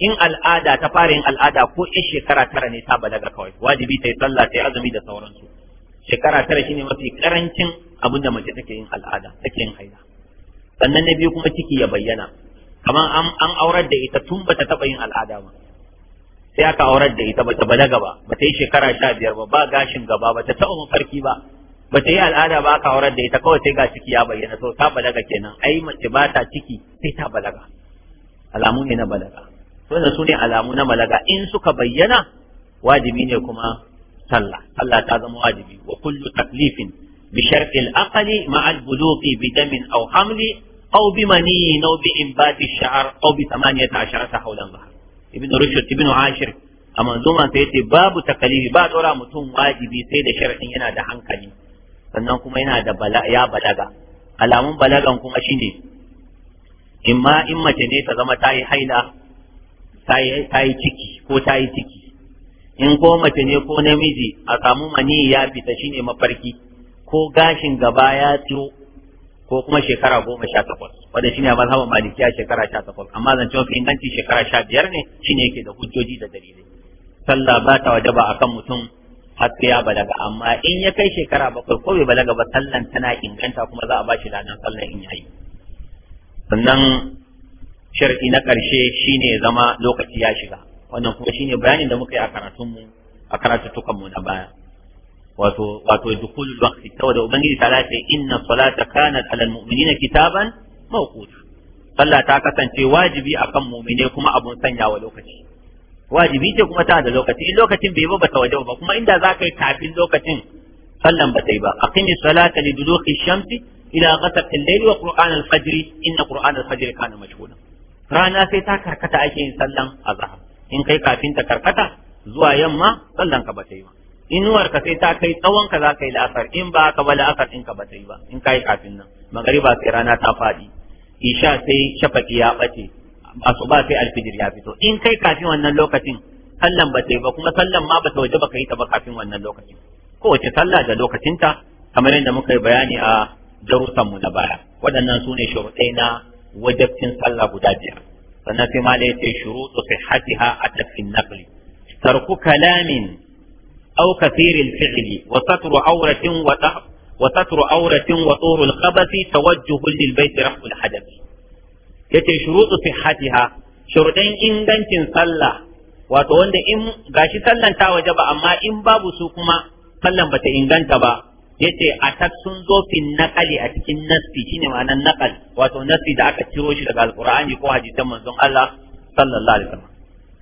in al'ada ta fara yin al'ada ko in shekara tara ne ta balaga kawai wajibi ta yi sallah ta yi azumi da sauransu shekara tara shine mafi karancin abin da mace take yin al'ada take yin haila sannan na biyu kuma ciki ya bayyana kamar an aurar da ita tun bata taɓa yin al'ada ba sai aka aurar da ita bata balaga ba bata yi shekara sha biyar ba ba gashin gaba bata taɓa mafarki ba ba ta yi al'ada ba aka horar da ita kawai sai ga ciki ya bayyana to ta balaga kenan ai mace ba ta ciki sai ta balaga alamu ne na balaga wannan su ne alamu na balaga in suka bayyana wajibi ne kuma sallah sallah ta zama wajibi wa kullu taklifin bi sharqi al-aqli ma'a al-buluqi bi damin aw hamli aw bi maniyin aw bi inbati shar aw bi 18 hawlan dhahar ibn rushd ibn ashir a manzuma sai yace babu takalifi ba dora mutum wajibi sai da sharadin yana da hankali sannan kuma yana da bala ya balaga alamun balagan kuma shine ne. in mace ne ta zama ta yi haila ta yi ciki ko ta yi ciki in ko mace ne ko namiji a samu mani ya fita shine mafarki ko gashin gaba ya tsiro ko kuma shekara goma sha takwas ne shine mazhaban malikiya shekara sha takwas amma zancen fi inganci shekara sha biyar ne shine yake da hujjoji da dalilai sallah ba ta wajaba akan mutum hatta ya balaga amma in ya kai shekara bakwai ko bai balaga ba sallan tana inganta kuma za a ba shi ladan sallan in yayi sannan shar'i na karshe shine zama lokaci ya shiga wannan kuma shine bayanin da muka yi a karatun mu a karatutukan mu na baya wato wato dukul waqti saboda ubangiji ta lafi inna salata kanat alal mu'minina kitaban mawqut sallah ta kasance wajibi akan mu'mine kuma abun sanyawa lokaci wajibi ce kuma tana da lokaci in lokacin bai ba ta wajaba ba kuma inda za ka yi kafin lokacin sallan ba ta yi ba aqimi salata li duluqi shamsi ila gasar al-layl wa qur'an al-fajr inna qur'an al-fajr kana majhula rana sai ta karkata ake yin sallan azhar in kai kafin ta karkata zuwa yamma sallan ka ba ta yi ba inuwar ka sai ta kai tsawon ka za ka yi la'asar in ba ka ba la'asar in ka ba ta yi ba in ka yi kafin nan magariba sai rana ta faɗi isha sai shafaqi ya ɓace asuba sai alfijir ya fito in kai kafin wannan lokacin sallan ba ba kuma sallan ma ba ta waje ba ka yi ta ba kafin wannan lokacin kowace sallah da lokacinta kamar yadda muka yi bayani a darussanmu na baya waɗannan su ne shuruɗai na wajabcin sallah guda biyar sannan sai ma ya ce shuruɗu sihhatiha a tafin naqli tarku kalamin aw kathiril fi'li wa satru awratin wa wa satru awratin wa turul khabasi raf'ul hadath yace shurutu sihhatiha shurudin ingancin sallah wato wanda in gashi sallan ta waje ba amma in babu su kuma sallan bata inganta ba yace a sun zo fin naqali a cikin nasfi shine ma'anar naqal wato nasfi da aka ciro shi daga alqur'ani ko hadisan manzon Allah sallallahu alaihi wasallam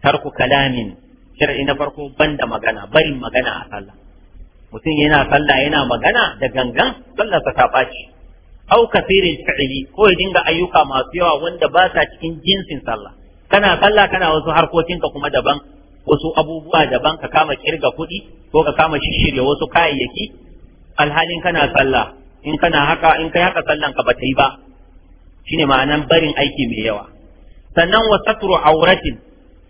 tarku kalamin shar'i na farko banda magana barin magana a sallah mutum yana sallah yana magana da gangan sallarsa ta ɓaci au kafirin fi'li ko ya dinga ayyuka masu yawa wanda ba sa cikin jinsin sallah kana sallah kana wasu harkokin ka kuma daban wasu abubuwa daban ka kama kirga kuɗi ko ka kama shirya wasu kayayyaki alhalin kana sallah in kana haka in kai haka sallan ka bata yi ba shine ma'anan barin aiki mai yawa sannan wa satru auratin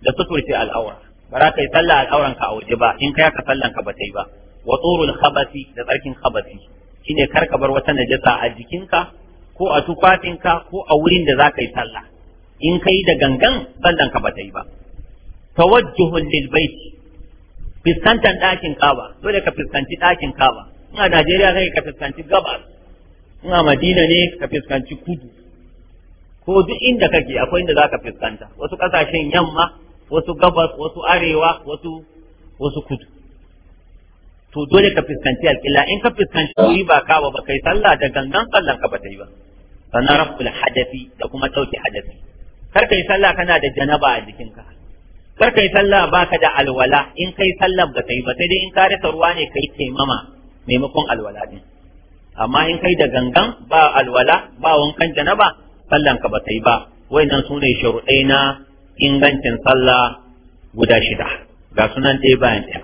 da suturti al'aura ba za ka yi sallah al'auran ka a waje ba in kai haka sallan ka bata yi ba wa tsurul khabasi da tsarkin khabasi shine kar ka bar wata najasa a jikinka ko a tufafinka ko a wurin da za ka yi sallah in ka yi da gangan sallan ka ba ta yi ba tawajjuhun lil baiti fiskantar ɗakin kaba dole ka fiskanci ɗakin kaba in a Najeriya sai ka fiskanci gabas in a Madina ne ka fiskanci kudu ko duk inda kake akwai inda za ka fuskanta wasu kasashen yamma wasu gabas wasu arewa wasu wasu kudu to dole ka fuskanci alƙilla in ka fuskanci wuri ba kawa ba kai sallah da gangan sallan ka ba ta yi ba sannan raful hadafi da kuma ɗauke hadasi kar yi sallah kana da janaba a jikinka kar yi sallah baka da alwala in kai sallah ba ta yi ba sai dai in ka rasa ruwa ne kai taimama maimakon alwala din amma in kai da gangan ba alwala ba wankan janaba sallan ka ba ta yi ba wayannan su ne sharuɗai na ingancin sallah guda shida ga sunan ɗaya bayan ɗaya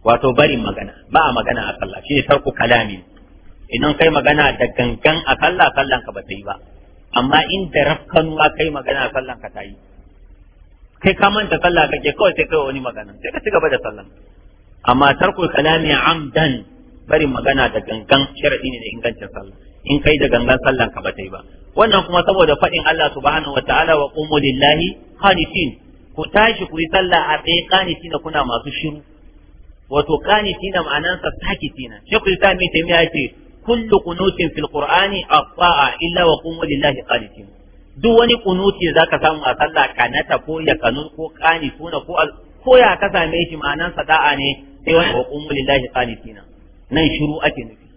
wato barin magana ba a magana a sallah shine tarku kalami idan kai magana da gangan a sallah sallan ka ba ta yi ba amma in da rafkanuwa kai magana a sallan ka ta yi kai ka manta sallah kake kawai sai kai wani magana sai ka ci gaba da sallan amma tarku kalami amdan barin magana da gangan sharadi ne da ingancin sallah in kai da gangan sallan ka ba ta yi ba wannan kuma saboda faɗin Allah subhanahu wa ta'ala wa qumu lillahi qanitin ku tashi ku yi sallah a tsaye qanitina kuna masu shiru wato qanitina ma'anansa sakitina shekul islam mai taimiya yace kullu qunutin fil qur'ani afa'a illa wa qumu lillahi qanitin duk wani kunuti da zaka samu a sallah kanata ko ya kanun ko qani tuna ko ko ya ka same shi ma'anansa da'a ne sai wani wa qumu lillahi qanitina nan shiru ake nufi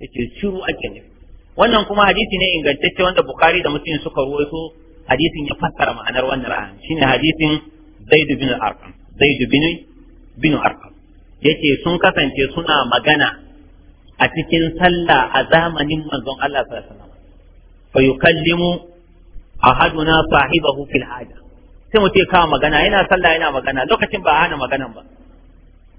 yace shiru ake nufi wannan kuma hadisi ne ingantacce wanda bukari da muslim suka ruwaito hadisin ya fassara ma'anar wannan ra'ayin shine hadisin zaid bin arqam zaid bin bin arqam Yake sun kasance suna magana a cikin sallah a zamanin manzon Allah sallallahu alaihi wasallam fa yukallimu ahaduna sahibahu fil haja sai mu ce kawo magana yana sallah yana magana lokacin ba hana maganan ba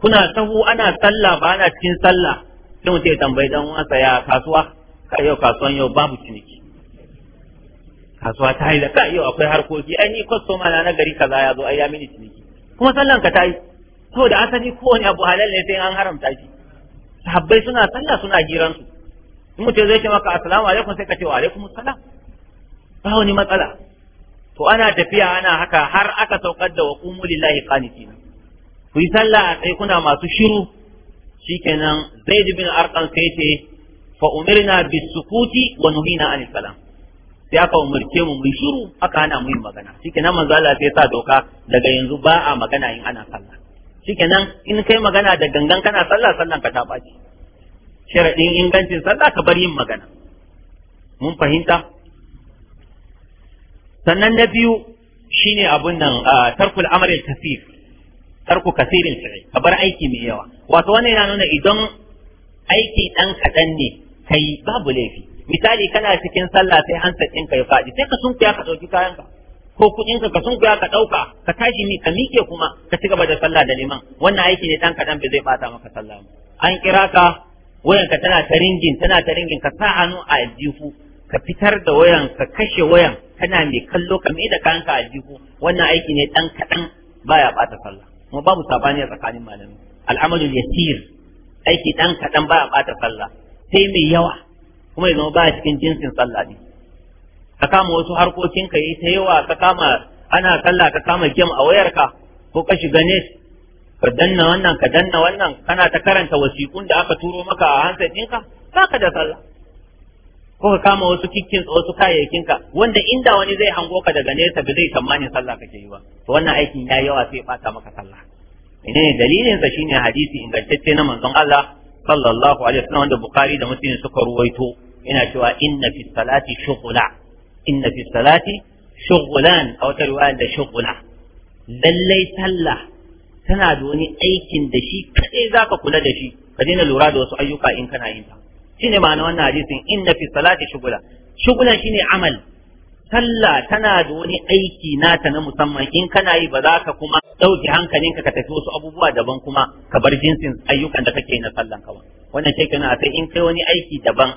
kuna sahu ana sallah ba ana cikin sallah sai mu ce tambayi dan wasa ya kasuwa ka yau kasuwan yau babu ciniki kasuwa ta yi da ka yau akwai harkoki ai ni kwastoma na gari kaza ya zo ai ya mini ciniki kuma sallan ka ta yi ta da asali kowane abu halal ne sai an haramta shi sahabbai suna sallah suna jiran su in mutum zai ce maka assalamu alaikum sai ka ce wa alaikum assalam ba wani matsala to ana tafiya ana haka har aka saukar da waqumu lillahi qanitina ku yi sallah sai kuna masu shiru shikenan zaid bin arqam sai ce fa umirna bisukuti wa nuhina anil salam sai aka umarce mu mai shiru aka hana mu yin magana shikenan manzo Allah sai sa doka daga yanzu ba a magana in ana sallah shikenan in kai magana da gangan kana sallah sannan ka taba baci sharadin ingancin sallah ka bar yin magana mun fahimta sannan na biyu shine abun nan tarkul amril kasir tarku kasirin sai ka bar aiki mai yawa wato wannan yana nuna idan aiki dan kadan ne kai babu laifi misali kana cikin sallah sai hansa ka ya faɗi sai ka sunkuya ka ɗauki kayanka ko kuɗin ka sun ka ɗauka ka tashi ni ka miƙe kuma ka ci gaba da sallah da liman wannan aiki ne dan kaɗan bai zai bata maka sallah an kira ka wayanka tana ta ringin tana ta ringin ka sa hannu a aljihu ka fitar da wayan ka kashe wayan kana mai kallo ka mai da kanka aljihu wannan aiki ne dan kaɗan baya ɓata sallah kuma babu sabani a tsakanin malamai al'amalul yasir aiki dan kaɗan baya ɓata sallah sai mai yawa kuma ya zama baya cikin jinsin sallah ne ka kama wasu harkokin ka yi ta yawa ka kama ana sallah ka kama gem a wayarka ko ka shiga ka danna wannan ka danna wannan kana ta karanta wasiƙun da aka turo maka a hansa ɗinka ka da sallah ko ka kama wasu kikkin wasu kayayyakinka wanda inda wani zai hango ka daga nesa ba zai tsammanin sallah kake yi ba to wannan aikin ya yawa sai bata maka sallah idan ne dalilin sa shine hadisi ingantacce na manzon Allah sallallahu alaihi wasallam wanda Bukhari da Muslim suka ruwaito ina cewa inna fi salati shughla inna fi salati shugulan a wata ruwa da shugula lallai sallah tana da wani aikin da shi kadai zaka kula da shi ka daina lura da wasu ayyuka in kana yin ta shine ma'ana wannan hadisin inna fi salati shughla shughla shine amal sallah tana da wani aiki nata na musamman in kana yi ba za ka kuma ɗauki hankalinka ka tafi wasu abubuwa daban kuma ka bar jinsin ayyukan da kake na sallan kawai wannan ke kana sai in kai wani aiki daban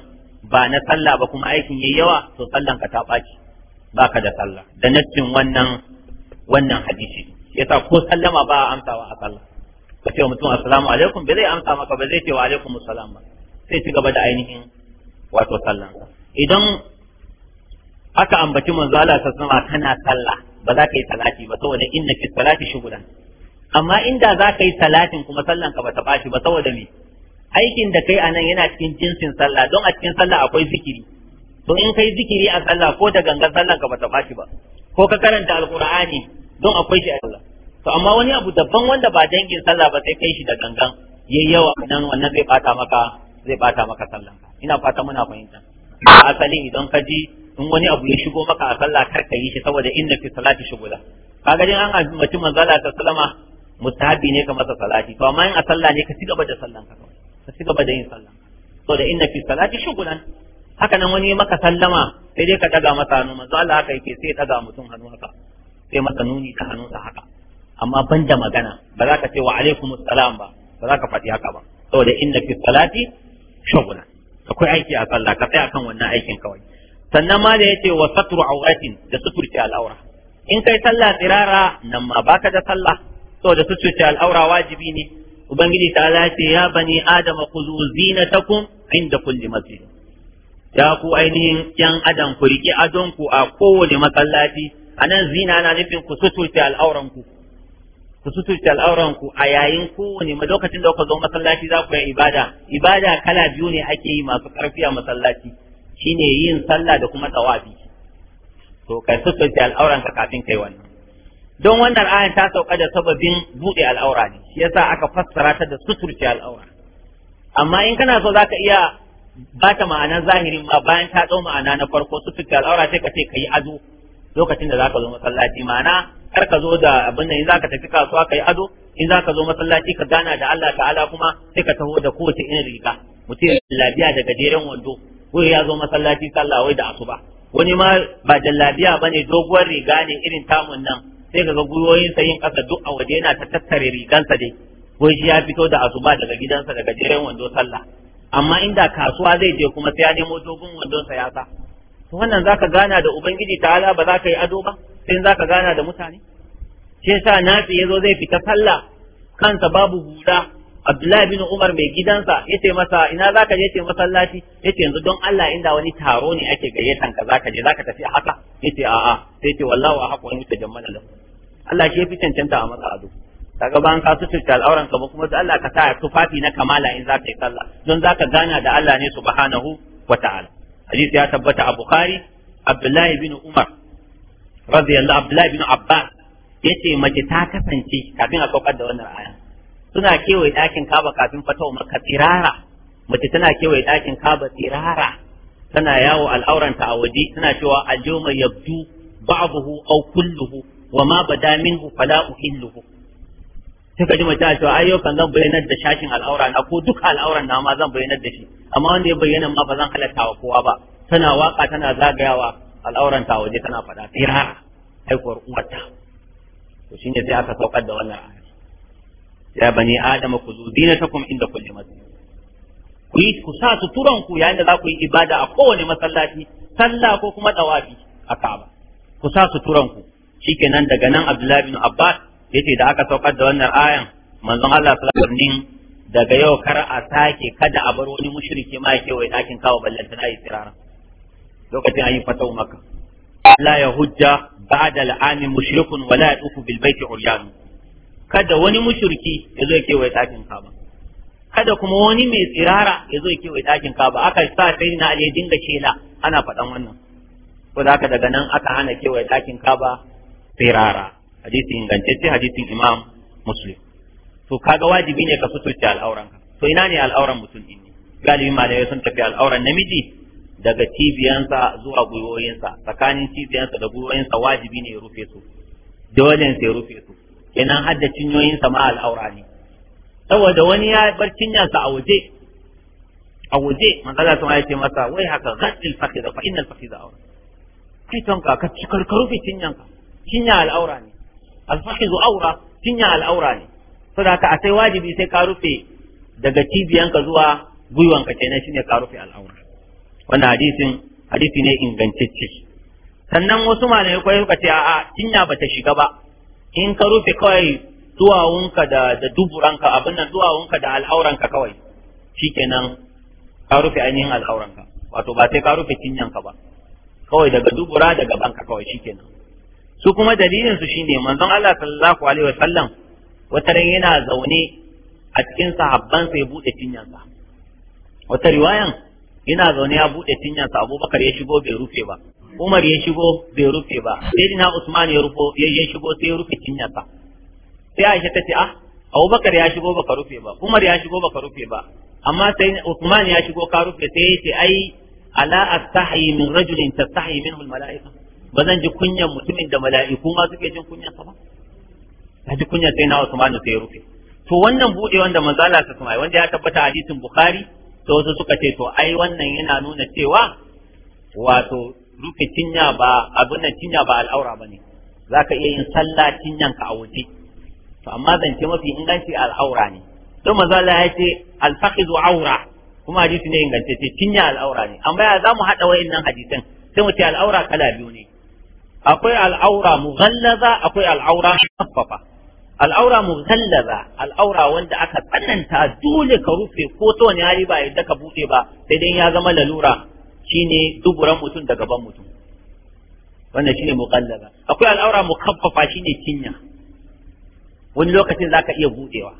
ba na sallah ba kuma aikin yayi yawa to sallan ka ta baki baka da sallah da nassin wannan wannan hadisi yasa ko sallama ba amsawa a sallah ka ce mutum assalamu alaikum bai zai amsa maka ba zai ce wa alaikum assalam ba sai ci gaba da ainihin wato sallan idan aka ambaci manzo Allah ta sama kana sallah ba za ka yi salati ba saboda inna fi salati shughlan amma inda za ka yi salatin kuma sallan ka ba ta bashi ba saboda me aikin da kai anan yana cikin jinsin sallah don a cikin sallah akwai zikiri to in kai zikiri a sallah ko da gangan sallah ka bata bashi ba ko ka karanta alqur'ani don akwai shi a sallah to amma wani abu daban wanda ba dangin sallah ba sai kai shi da gangan yayi yawa nan wannan zai bata maka zai bata maka sallah ina fata muna fahimta a asali idan ka ji in wani abu ya shigo maka a sallah kar ka yi shi saboda inna fi salati shugula kaga dai an mutum manzala ta sallama mutabi ne ka masa salati to amma in a sallah ne ka ci gaba da sallan ka kawai ka ci gaba da yin sallah so da inna fi salati shughlan haka nan wani maka sallama sai dai ka daga masa hannu manzo Allah haka yake sai daga mutum hannu haka sai masa nuni ta hannunsa haka amma ban da magana ba za ka ce wa alaikum assalam ba ba za ka faɗi haka ba saboda inna fi salati shughlan akwai aiki a sallah ka tsaya kan wannan aikin kawai sannan ma da yace wa satru auratin da suturci al'aura in kai sallah tsirara nan ma baka da sallah saboda suturci al'aura wajibi ne ubangiji ta ce ya bani adama ta kun inda kulli masjid ya ku ainihin yan adam ku riki adon ku a kowane masallaci anan zina na nufin ku suturce al'auran ku ku suturce al'auran ku a yayin kowane lokacin da kuka zo masallaci za ku yi ibada ibada kala biyu ne ake yi masu ƙarfi a masallaci shine yin sallah da kuma tsawafi to kai suturce al'auran ka kafin kai wannan don wannan ayan ta sauka da sababin buɗe al'aura ne shi yasa aka fassara ta da suturce al'aura amma in kana so zaka iya bata ta ma'ana zahirin ma bayan ta dau ma'ana na farko suturce al'aura sai ka ce ka yi ado lokacin da zaka zo masallaci ma'ana kar ka zo da abin nan in zaka tafi kasuwa ka yi ado in zaka zo masallaci ka gana da Allah ta'ala kuma sai ka taho da kowace irin riga mutum lafiya da gajeren wando ko ya zo masallaci sallah wai da asuba wani ma ba jallabiya bane doguwar riga ne irin tamun nan sai kaga sa yin kasa duk a waje yana ta tattare rigansa dai wai shi ya fito da asuba daga gidansa daga jiran wando sallah amma inda kasuwa zai je kuma sai ya nemo dogon wandonsa ya sa to wannan zaka gana da ubangiji ta'ala ba za ka yi ado ba sai zaka gana da mutane shi yasa nafi yazo zai fita sallah kansa babu hula Abdullahi bin Umar mai gidansa yace masa ina za je ce masallaci Yace yanzu don Allah inda wani taro ne ake gayyatan ka za ka je za ka tafi haka yace a'a sai ce wallahu a haka wani ta jammala lahu Allah shi fi cancanta a masa ado daga bayan ka suturta al'auran ka kuma da Allah ka sa tufafi na kamala in za ka yi sallah don za ka gana da Allah ne subhanahu wa ta'ala hadisi ya tabbata a bukhari abdullahi bin umar radiyallahu abdullahi bin abbas yace mace ta kasance kafin a saukar da wannan aya suna kewaye ɗakin kaba kafin fatawa maka tsirara mace tana kewaye ɗakin kaba tsirara tana yawo al'auranta a waje tana cewa al-yawma yabdu ba'dahu aw kulluhu wa ma bada minhu fala uhilluhu suka ji mutum cewa ai yau kan zan bayyanar da shashin al'aura na ko duka al'auran na ma zan bayyanar da shi amma wanda ya bayyana ma ba zan halatta wa kowa ba tana waka tana zagayawa al'auran ta waje tana fada tsirara haihuwar uwarta to shine sai aka saukar da wannan ya bani adama ku zu dinatakum inda kulli masjid ku yi ku sa suturan ku yayin da za ku yi ibada a kowane masallaci sallah ko kuma dawafi a Ka'aba ku sa suturan ku shikenan daga nan Abdullahi bin Abbas yace da aka saukar da wannan ayan manzon Allah sallallahu alaihi daga yau kar a sake kada a bar wani mushriki ma yake wai dakin kawo ballanta na tsirara. lokacin ayi fatau maka la ya hujja ba'da al'ami mushrikun wala yadufu bil baiti uryan kada wani mushriki yazo yake wai dakin ba. kada kuma wani mai tsirara ya zo wai ɗakin ka ba aka sa sai na ne dinga shela ana faɗan wannan ko da aka daga nan aka hana kewaye ɗakin ka ba tsirara hadisi ingantacce hadisin imam muslim to kaga wajibi ne ka al'auran al'auranka to ina ne al'auran mutum din ne galibi malamai sun tafi al'auran namiji daga cibiyansa zuwa gwiwoyinsa tsakanin cibiyansa da gwiwoyinsa wajibi ne ya rufe su dole ya rufe su kenan hadda cinyoyinsa ma al'aura ne saboda wani ya bar cinyarsa a waje a waje manzala sun ya ce masa wai haka ghadil fakhidha fa innal fakhidha awra kai tonka ka rufe cinyanka cinya al'aura ne alfahizu aura cinya al'aura ne saboda ka sai wajibi sai ka rufe daga cibiyanka zuwa gwiwanka kenan shine ka rufe al'aura wannan hadisin hadisi ne ingantacce sannan wasu malamai kwai suka ce a'a cinya bata shiga ba in ka rufe kawai duwawunka da da duburanka abin nan duwawunka da al'auranka kawai shikenan ka rufe ainihin al'auranka wato ba sai ka rufe cinyanka ba kawai daga dubura daga banka kawai shikenan su kuma dalilin su shine manzon Allah sallallahu alaihi wa sallam wata ran yana zaune a cikin sahabban sai bude cinyansa wata riwayan yana zaune ya bude cinyansa Abubakar ya shigo bai rufe ba Umar ya shigo bai rufe ba Sayyidina Usman ya rufo ya shigo sai ya rufe cinyansa sai Aisha ta ce ah Abubakar ya shigo baka rufe ba Umar ya shigo baka rufe ba amma sai Usman ya shigo ka rufe sai ya ce ai ala astahi min rajulin tastahi minhu al-mala'ika ba zan ji kunyan mutumin da mala'iku ma suke jin kunyan sa ba ta ji kunyan sai na Usman sai rufe to wannan bude wanda manzo ka ta kuma wanda ya tabbata hadisin Bukhari to wasu suka ce to ai wannan yana nuna cewa wato rufe cinya ba abin na cinya ba al'aura bane zaka iya yin sallah cinyan ka a waje to amma zan ce mafi inganci al'aura ne to manzo ya ce al-faqidu aura kuma hadisi ne ingantacce cinya al'aura ne amma ya zamu hada wayannan hadisan sai mu ce al'aura kala biyu ne akwai al'aura mughallaza akwai al'aura shaffafa al'aura mughallaza al'aura wanda aka tsananta dole ka rufe ko ta wani hali ba yadda ka buɗe ba sai dai ya zama lalura shine duburan mutum da gaban mutum wannan shine mughallaza akwai al'aura mukaffafa shine cinya wani lokacin zaka iya buɗewa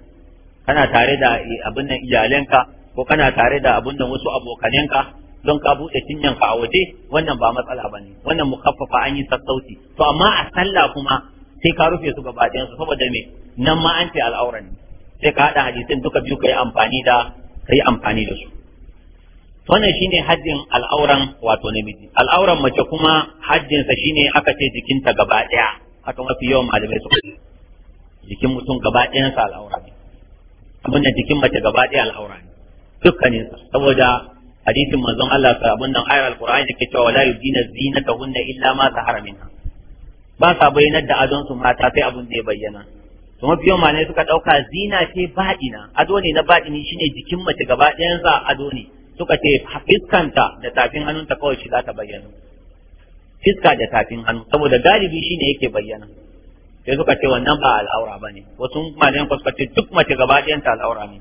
kana tare da eh, abin nan iyalanka ko kana tare da abin nan wasu abokanenka don ka buɗe cinyan ka a waje wannan ba matsala ba ne wannan mu kaffafa, an yi sassauci to amma a sallah kuma sai ka rufe su gaba ɗayan su saboda me nan ma an ce al'aura ne sai ka haɗa hadisin duka biyu ka yi amfani da ka yi amfani da su wannan shine hajjin al'auran wato namiji al'auran mace kuma hajjinsa shine aka ce jikinta gaba ɗaya haka mafi yawan malamai suka ce jikin mutum gaba ɗayansa al'aura ne abin da jikin mace gaba ɗaya al'aura ne dukkaninsa saboda hadisin manzon Allah ta abun nan ayar alqur'ani yake cewa wala yudina hunna illa ma zahara minha ba sa bayyana da adon su mata sai abun da ya bayyana to mafi yawan malai suka dauka zina ce badina ado ne na badini shine jikin mace gaba ɗayan sa ado ne suka ce fiskanta da tafin hannunta kawai shi za ta bayyana fiska da tafin hannu saboda galibi shine yake bayyana sai suka ce wannan ba al'aura bane wasu malayan suka ce duk mace gaba ɗayan ta al'aura ne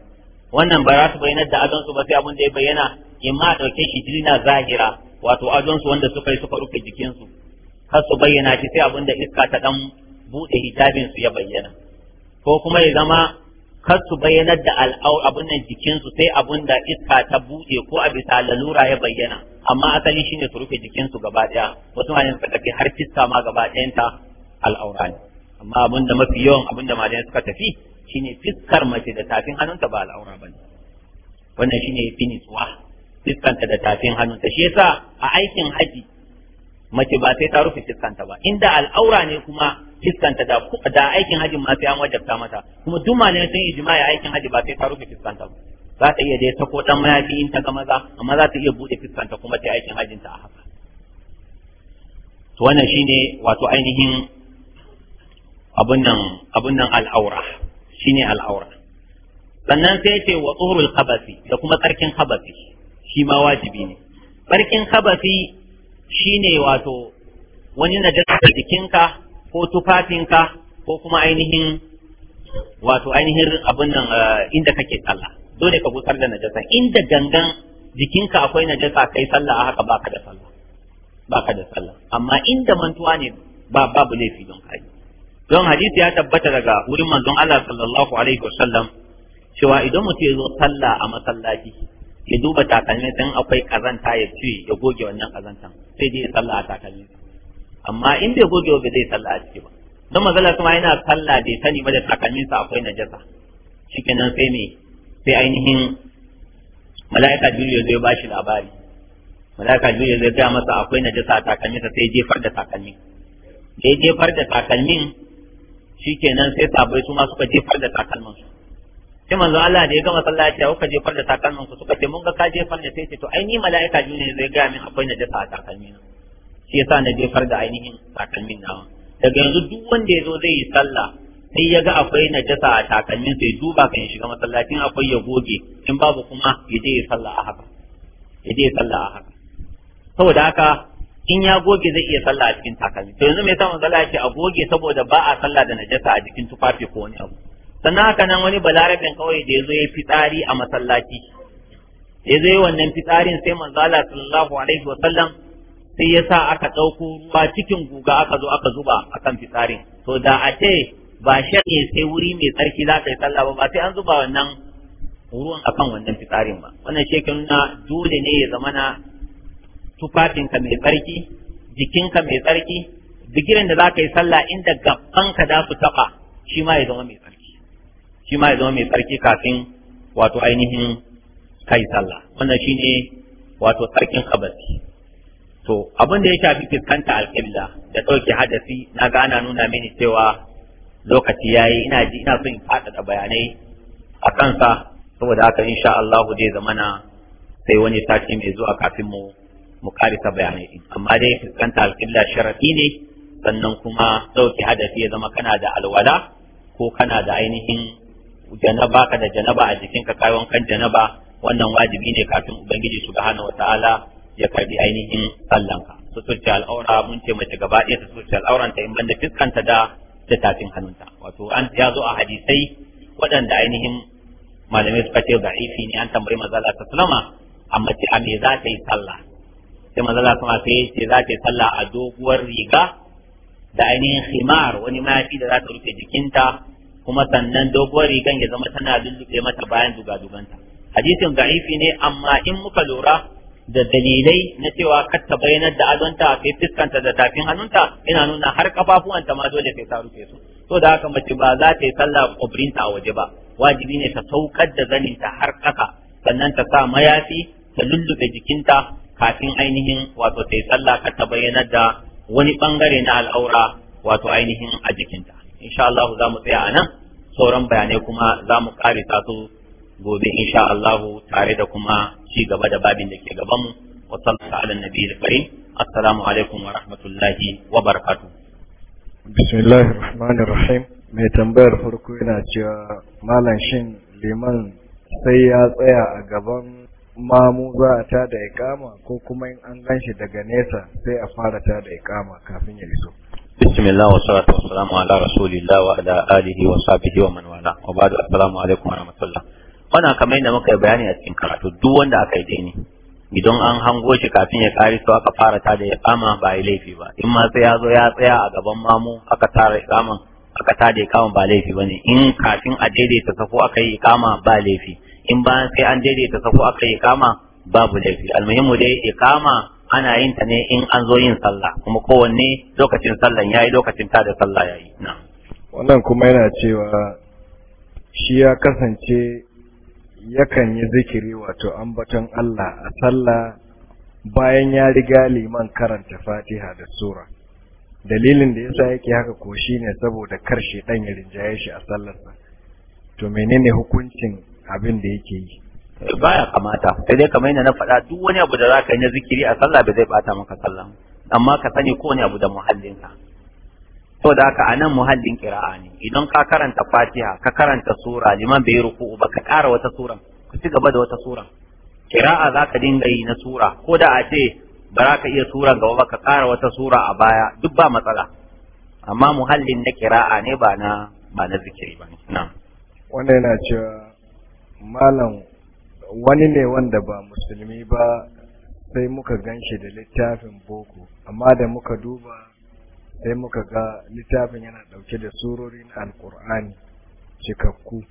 wannan ba za su bayyana da adon su ba sai abin da ya bayyana in ma dauke shi jilina zahira wato adon wanda suka yi suka rufe jikin su su bayyana shi sai abin da iska ta dan bude hijabin su ya bayyana ko kuma ya zama kar su bayyanar da abin nan jikin sai abin da iska ta buɗe ko a bisa lalura ya bayyana amma asali shine su rufe jikin su gaba daya wasu ma suka tafi har fiska ma gaba al'aura ne amma abin da mafi yawan abin da malamai suka tafi shine fiskar mace da tafin hannunta ba al'aura bane wannan shine fi nitsuwa fiskanta da tafin hannunta shi yasa a aikin haji mace ba sai ta rufe fiskanta ba inda al'aura ne kuma fiskanta da da aikin haji ma sai an wajabta mata kuma duk malamin sun ijma'i aikin haji ba sai ta rufe fiskanta ba za ta iya dai ta ko dan mayafi in ta ga maza amma za ta iya bude fiskanta kuma ta aikin hajinta a haka to wannan shine wato ainihin abun nan al'aura shine al'aura sannan sai ce wa tsorul habasi da kuma tsarkin habasi shi ma wajibi ne tsarkin habasi shine wato wani najasa jikinka ko tufafinka ko kuma ainihin wato ainihin abin nan eh, inda kake sallah dole ka gusar da najasa inda gangan jikinka akwai najasa kai sallah a haka baka da sallah baka da sallah amma inda mantuwa ne ba babu laifi don kai don hadisi ya tabbata daga wurin manzon Allah sallallahu alaihi wasallam cewa idan mutum ya zo sallah a masallaci ya duba takalmin dan akwai kazanta ya ci ya goge wannan kazantan sai dai sallah a takalmin amma in bai goge ba zai sallah a ciki ba don manzon kuma yana sallah bai sani ba da takalmin sa akwai najasa nan sai me sai ainihin mala'ika jibril zai ba shi labari mala'ika jibril zai gaya masa akwai najasa a takalmin sa sai ya jefar da takalmin sai ya jefar da takalmin shikenan sai sabai su ma suka jefar da takalman su sai manzo Allah da ya gama sallah ya kuka jefar da takalman ku suka ce mun ga ka jefar da sai ce to ai ni mala'ika ne zai ga min akwai najasa a takalmin shi yasa na jefar da ainihin takalmin nawa daga yanzu duk wanda ya zo zai yi sallah sai ya ga akwai na a takalmin sai duba kan shiga masallacin akwai ya goge in babu kuma ya je ya sallah a haka ya je ya sallah a haka saboda haka in ya goge zai iya sallah a cikin takalmi to yanzu me yasa manzo Allah a goge saboda ba a sallah da najasa a jikin tufafi ko wani abu sannan haka nan wani balarabin kawai da yazo ya fitsari a masallaci ya zo wannan fitsarin sai manzo Allah sallallahu alaihi wa sallam sai ya aka dauko ruwa cikin guga aka zo aka zuba akan fitsarin to da a ce ba shaƙe sai wuri mai tsarki za ka yi sallah ba ba sai an zuba wannan ruwan akan wannan fitsarin ba wannan shekin na dole ne ya zamana tufafinka mai tsarki jikinka mai tsarki bigiran da za ka yi sallah inda gabanka za su taɓa shi ma ya zama mai tsarki shi ma ya zama mai tsarki kafin wato ainihin kai sallah wannan ne wato tsarkin kabasi. to abin da ya shafi fuskanta alƙibla da ɗauke hadasi na ga ana nuna mini cewa lokaci yayi ina ji ina son in faɗaɗa bayanai a kansa saboda haka insha Allah zai zamana sai wani sati mai zuwa kafin mu mu karisa bayanai din amma dai fuskanta alƙibla sharafi ne sannan kuma ɗauki hadafi ya zama kana da alwala ko kana da ainihin janaba ka da janaba a jikinka kai wankan janaba wannan wajibi ne kafin ubangiji subhanahu wataala ya karbi ainihin sallanka suturce al'aura mun ce mace gaba ɗaya ta suturce al'auranta in banda fuskanta da ta tafin hannunta wato an ya zo a hadisai waɗanda ainihin malamai suka ce da'ifi ne an tambayi maza ta sulama amma ce a me za ta yi sallah sai manzo Allah kuma sai ce za ta sallah a doguwar riga da ainihin Himar wani mayafi da za ta rufe jikinta kuma sannan doguwar rigan ya zama tana lullube mata bayan dugaduganta hadisin ga'ifi ne amma in muka lura da dalilai na cewa kar ta bayyanar da adonta kai fiskanta da tafin hannunta ina nuna har kafafuwanta ma dole sai ta rufe su to da haka mace ba za ta yi sallah kubrinta a waje ba wajibi ne ta saukar da zaninta har ƙasa sannan ta sa mayafi ta lullube jikinta kafin ainihin wato sai sallah ka ta bayyana da wani bangare na al'aura wato ainihin a jikinta insha Allah za mu tsaya nan sauran bayanai kuma za mu karisa su gobe insha Allah tare da kuma ci gaba da babin da ke gabanmu wa sallallahu ala nabiyil karim assalamu alaikum wa rahmatullahi wa barakatuh bismillahir rahmanir rahim mai tambayar farko yana cewa malam shin liman sai ya tsaya a gaban ma mu za a ta da ikama ko kuma in an ganshi daga nesa sai a fara ta da ikama kafin ya iso bismillah wa salatu wa salamu ala rasulillah wa ala alihi wa sahbihi wa man wala wa ba'du assalamu alaikum wa rahmatullah wannan kamar yadda muka yi bayani a cikin karatu duk wanda aka yi daini idan an hango shi kafin ya kare su aka fara ta da ikama ba yi laifi ba in ma sai ya zo ya tsaya a gaban mamu aka tara ikaman aka ta da ikama ba laifi ne, in kafin a daidaita safo aka yi ikama ba laifi in ba sai an daidaita sako aka yi kama babu laifi almuhimmu dai kama ana yin ta ne in an zo yin sallah kuma kowanne lokacin sallan yayi lokacin ta da sallah yayi na wannan kuma yana cewa shi ya kasance yakan yi zikiri wato ambaton Allah a sallah bayan ya riga liman karanta Fatiha da sura dalilin da yasa yake haka ko ne saboda karshe dan ya rinjaye shi a sallarsa to menene hukuncin abin da yake yi baya kamata sai dai kamar yadda na faɗa duk wani abu da za ka yi na zikiri a sallah ba zai bata maka sallah amma ka sani ko kowane abu da muhallinka to da haka anan muhallin kira'a ne idan ka karanta fatiha ka karanta sura liman bai ruku'u ba ka ƙara wata sura ku ci gaba da wata sura kira'a za ka dinga yi na sura ko da a ce ba za ka iya sura gaba ba ka ƙara wata sura a baya duk ba matsala amma muhallin na kira'a ne ba na ba na zikiri ba wannan yana cewa malam wani ne wanda ba musulmi ba sai muka gan shi da littafin boko amma da muka duba sai muka ga littafin yana ɗauke da surori na alkur'ani cikakku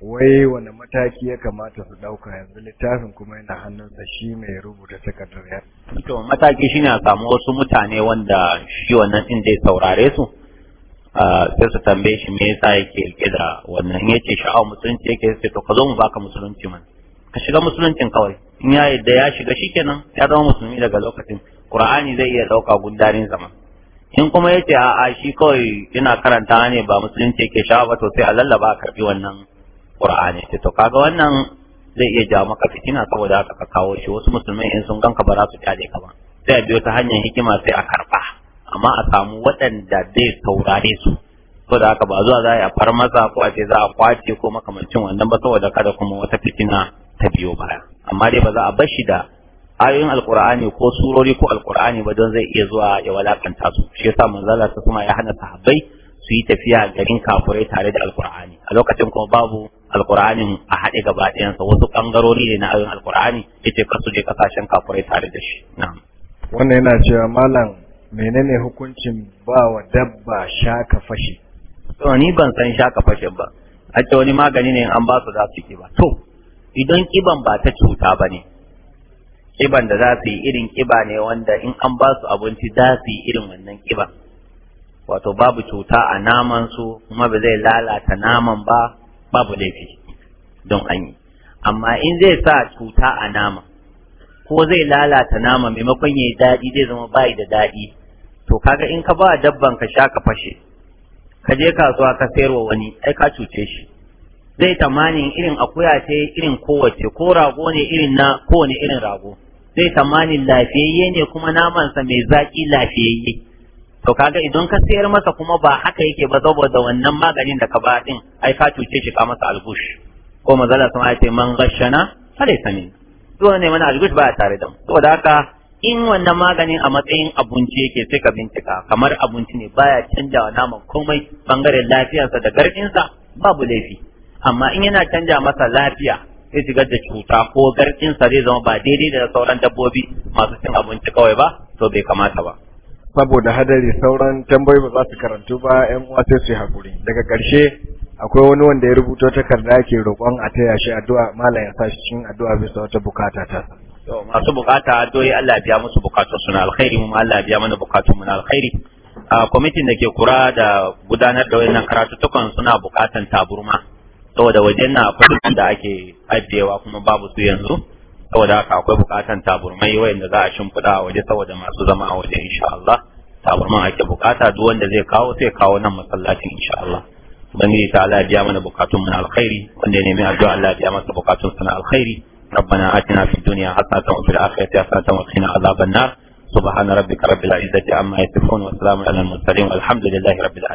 wai wani mataki ya kamata su ɗauka yanzu littafin kuma yana hannunsa shi mai rubuta takardar ya mataki shine a samu wasu mutane wanda shi wannan ɗin zai saurare su Ah, sai su tambaye shi me yasa yake rike da wannan yace sha'awa musulunci yake sai to ka zo mu baka musulunci man ka shiga musuluncin kawai in ya yadda ya shiga shikenan ya zama musulmi daga lokacin qur'ani zai iya dauka gundarin zaman in kuma yace a a shi kawai ina karanta ne ba musulunci yake sha'awa to sai a lallaba karbi wannan qur'ani sai to kaga wannan zai iya jawo maka fitina saboda haka ka kawo shi wasu musulmai in sun ganka ba za su kyale ka ba sai a biyo ta hanyar hikima sai a karba amma a samu waɗanda zai saurare su Ko da haka ba zuwa za a far maza ko a ce za a kwace ko makamancin wannan ba saboda kada kuma wata fitina ta biyo baya amma dai ba za a bar shi da ayoyin alkur'ani ko surori ko alkur'ani ba don zai iya zuwa ya walakanta su shi yasa manzala ta kuma ya hana sahabbai su yi tafiya garin kafurai tare da alkur'ani a lokacin kuma babu alkur'ani a haɗe gaba sa wasu bangarori ne na ayoyin alkur'ani yace kar su je kasashen kafurai tare da shi na'am wannan yana cewa malam menene hukuncin ba wa dabba shaka fashi to ni ban san shaka fashe ba a ce wani magani ne an ba su za su kiba to idan kiban ba ta cuta ba ne kiban da za su yi irin kiba ne wanda in an ba su abinci za su yi irin wannan kiba wato babu cuta a naman su kuma ba zai lalata naman ba babu laifi don an yi amma in zai sa cuta a naman ko zai lalata nama maimakon ya yi daɗi zai zama bayi da daɗi to kaga in ka ba dabban ka sha ka fashe ka je kasuwa ka sayarwa wani ai ka cuce shi zai tamanin irin akuya ce irin kowace ko rago ne irin na kowane irin rago zai tamanin lafiyayye ne kuma namansa mai zaƙi lafiyayye to kaga idan ka sayar masa kuma ba haka yake ba saboda wannan maganin da ka ba din ai ka cuce shi ka masa albush ko mazala sun ce man gashana ta minna dole ne mana ba baya tare da mu saboda haka in wannan maganin a matsayin abinci yake sai ka bincika kamar abinci ne baya canja wa naman komai bangaren lafiyarsa da garkinsa babu laifi amma in yana canja masa lafiya sai shigar da cuta ko garkinsa zai zama ba daidai da sauran dabbobi masu cin abinci kawai ba to bai kamata ba saboda hadari sauran tambayoyi ba za su karantu ba yan uwa sai su yi hakuri daga ƙarshe akwai wani wanda ya rubuto takarda yake roƙon a taya shi addu'a malam ya sashi cikin addu'a bisa wata bukata ta to masu bukata addu'a Allah biya musu bukatun suna alkhairi mu Allah biya mana bukatun mu na alkhairi a kwamitin da ke kura da gudanar da wayannan karatutukan suna bukatan taburma saboda wajen na akwai da ake ajiyewa kuma babu su yanzu saboda haka akwai bukatan taburmai wayanda za a shimfiɗa a waje saboda masu zama a waje insha Allah taburman ake bukata duk wanda zai kawo sai kawo nan masallacin insha Allah ubangiji ta Allah biya mana bukatun mu na alkhairi wanda ya nemi addu'a Allah biya masa bukatun sa na alkhairi ربنا آتنا في الدنيا حسنة وفي الآخرة حسنة وقنا عذاب النار سبحان ربك رب العزة عما يصفون وسلام على المرسلين والحمد لله رب العالمين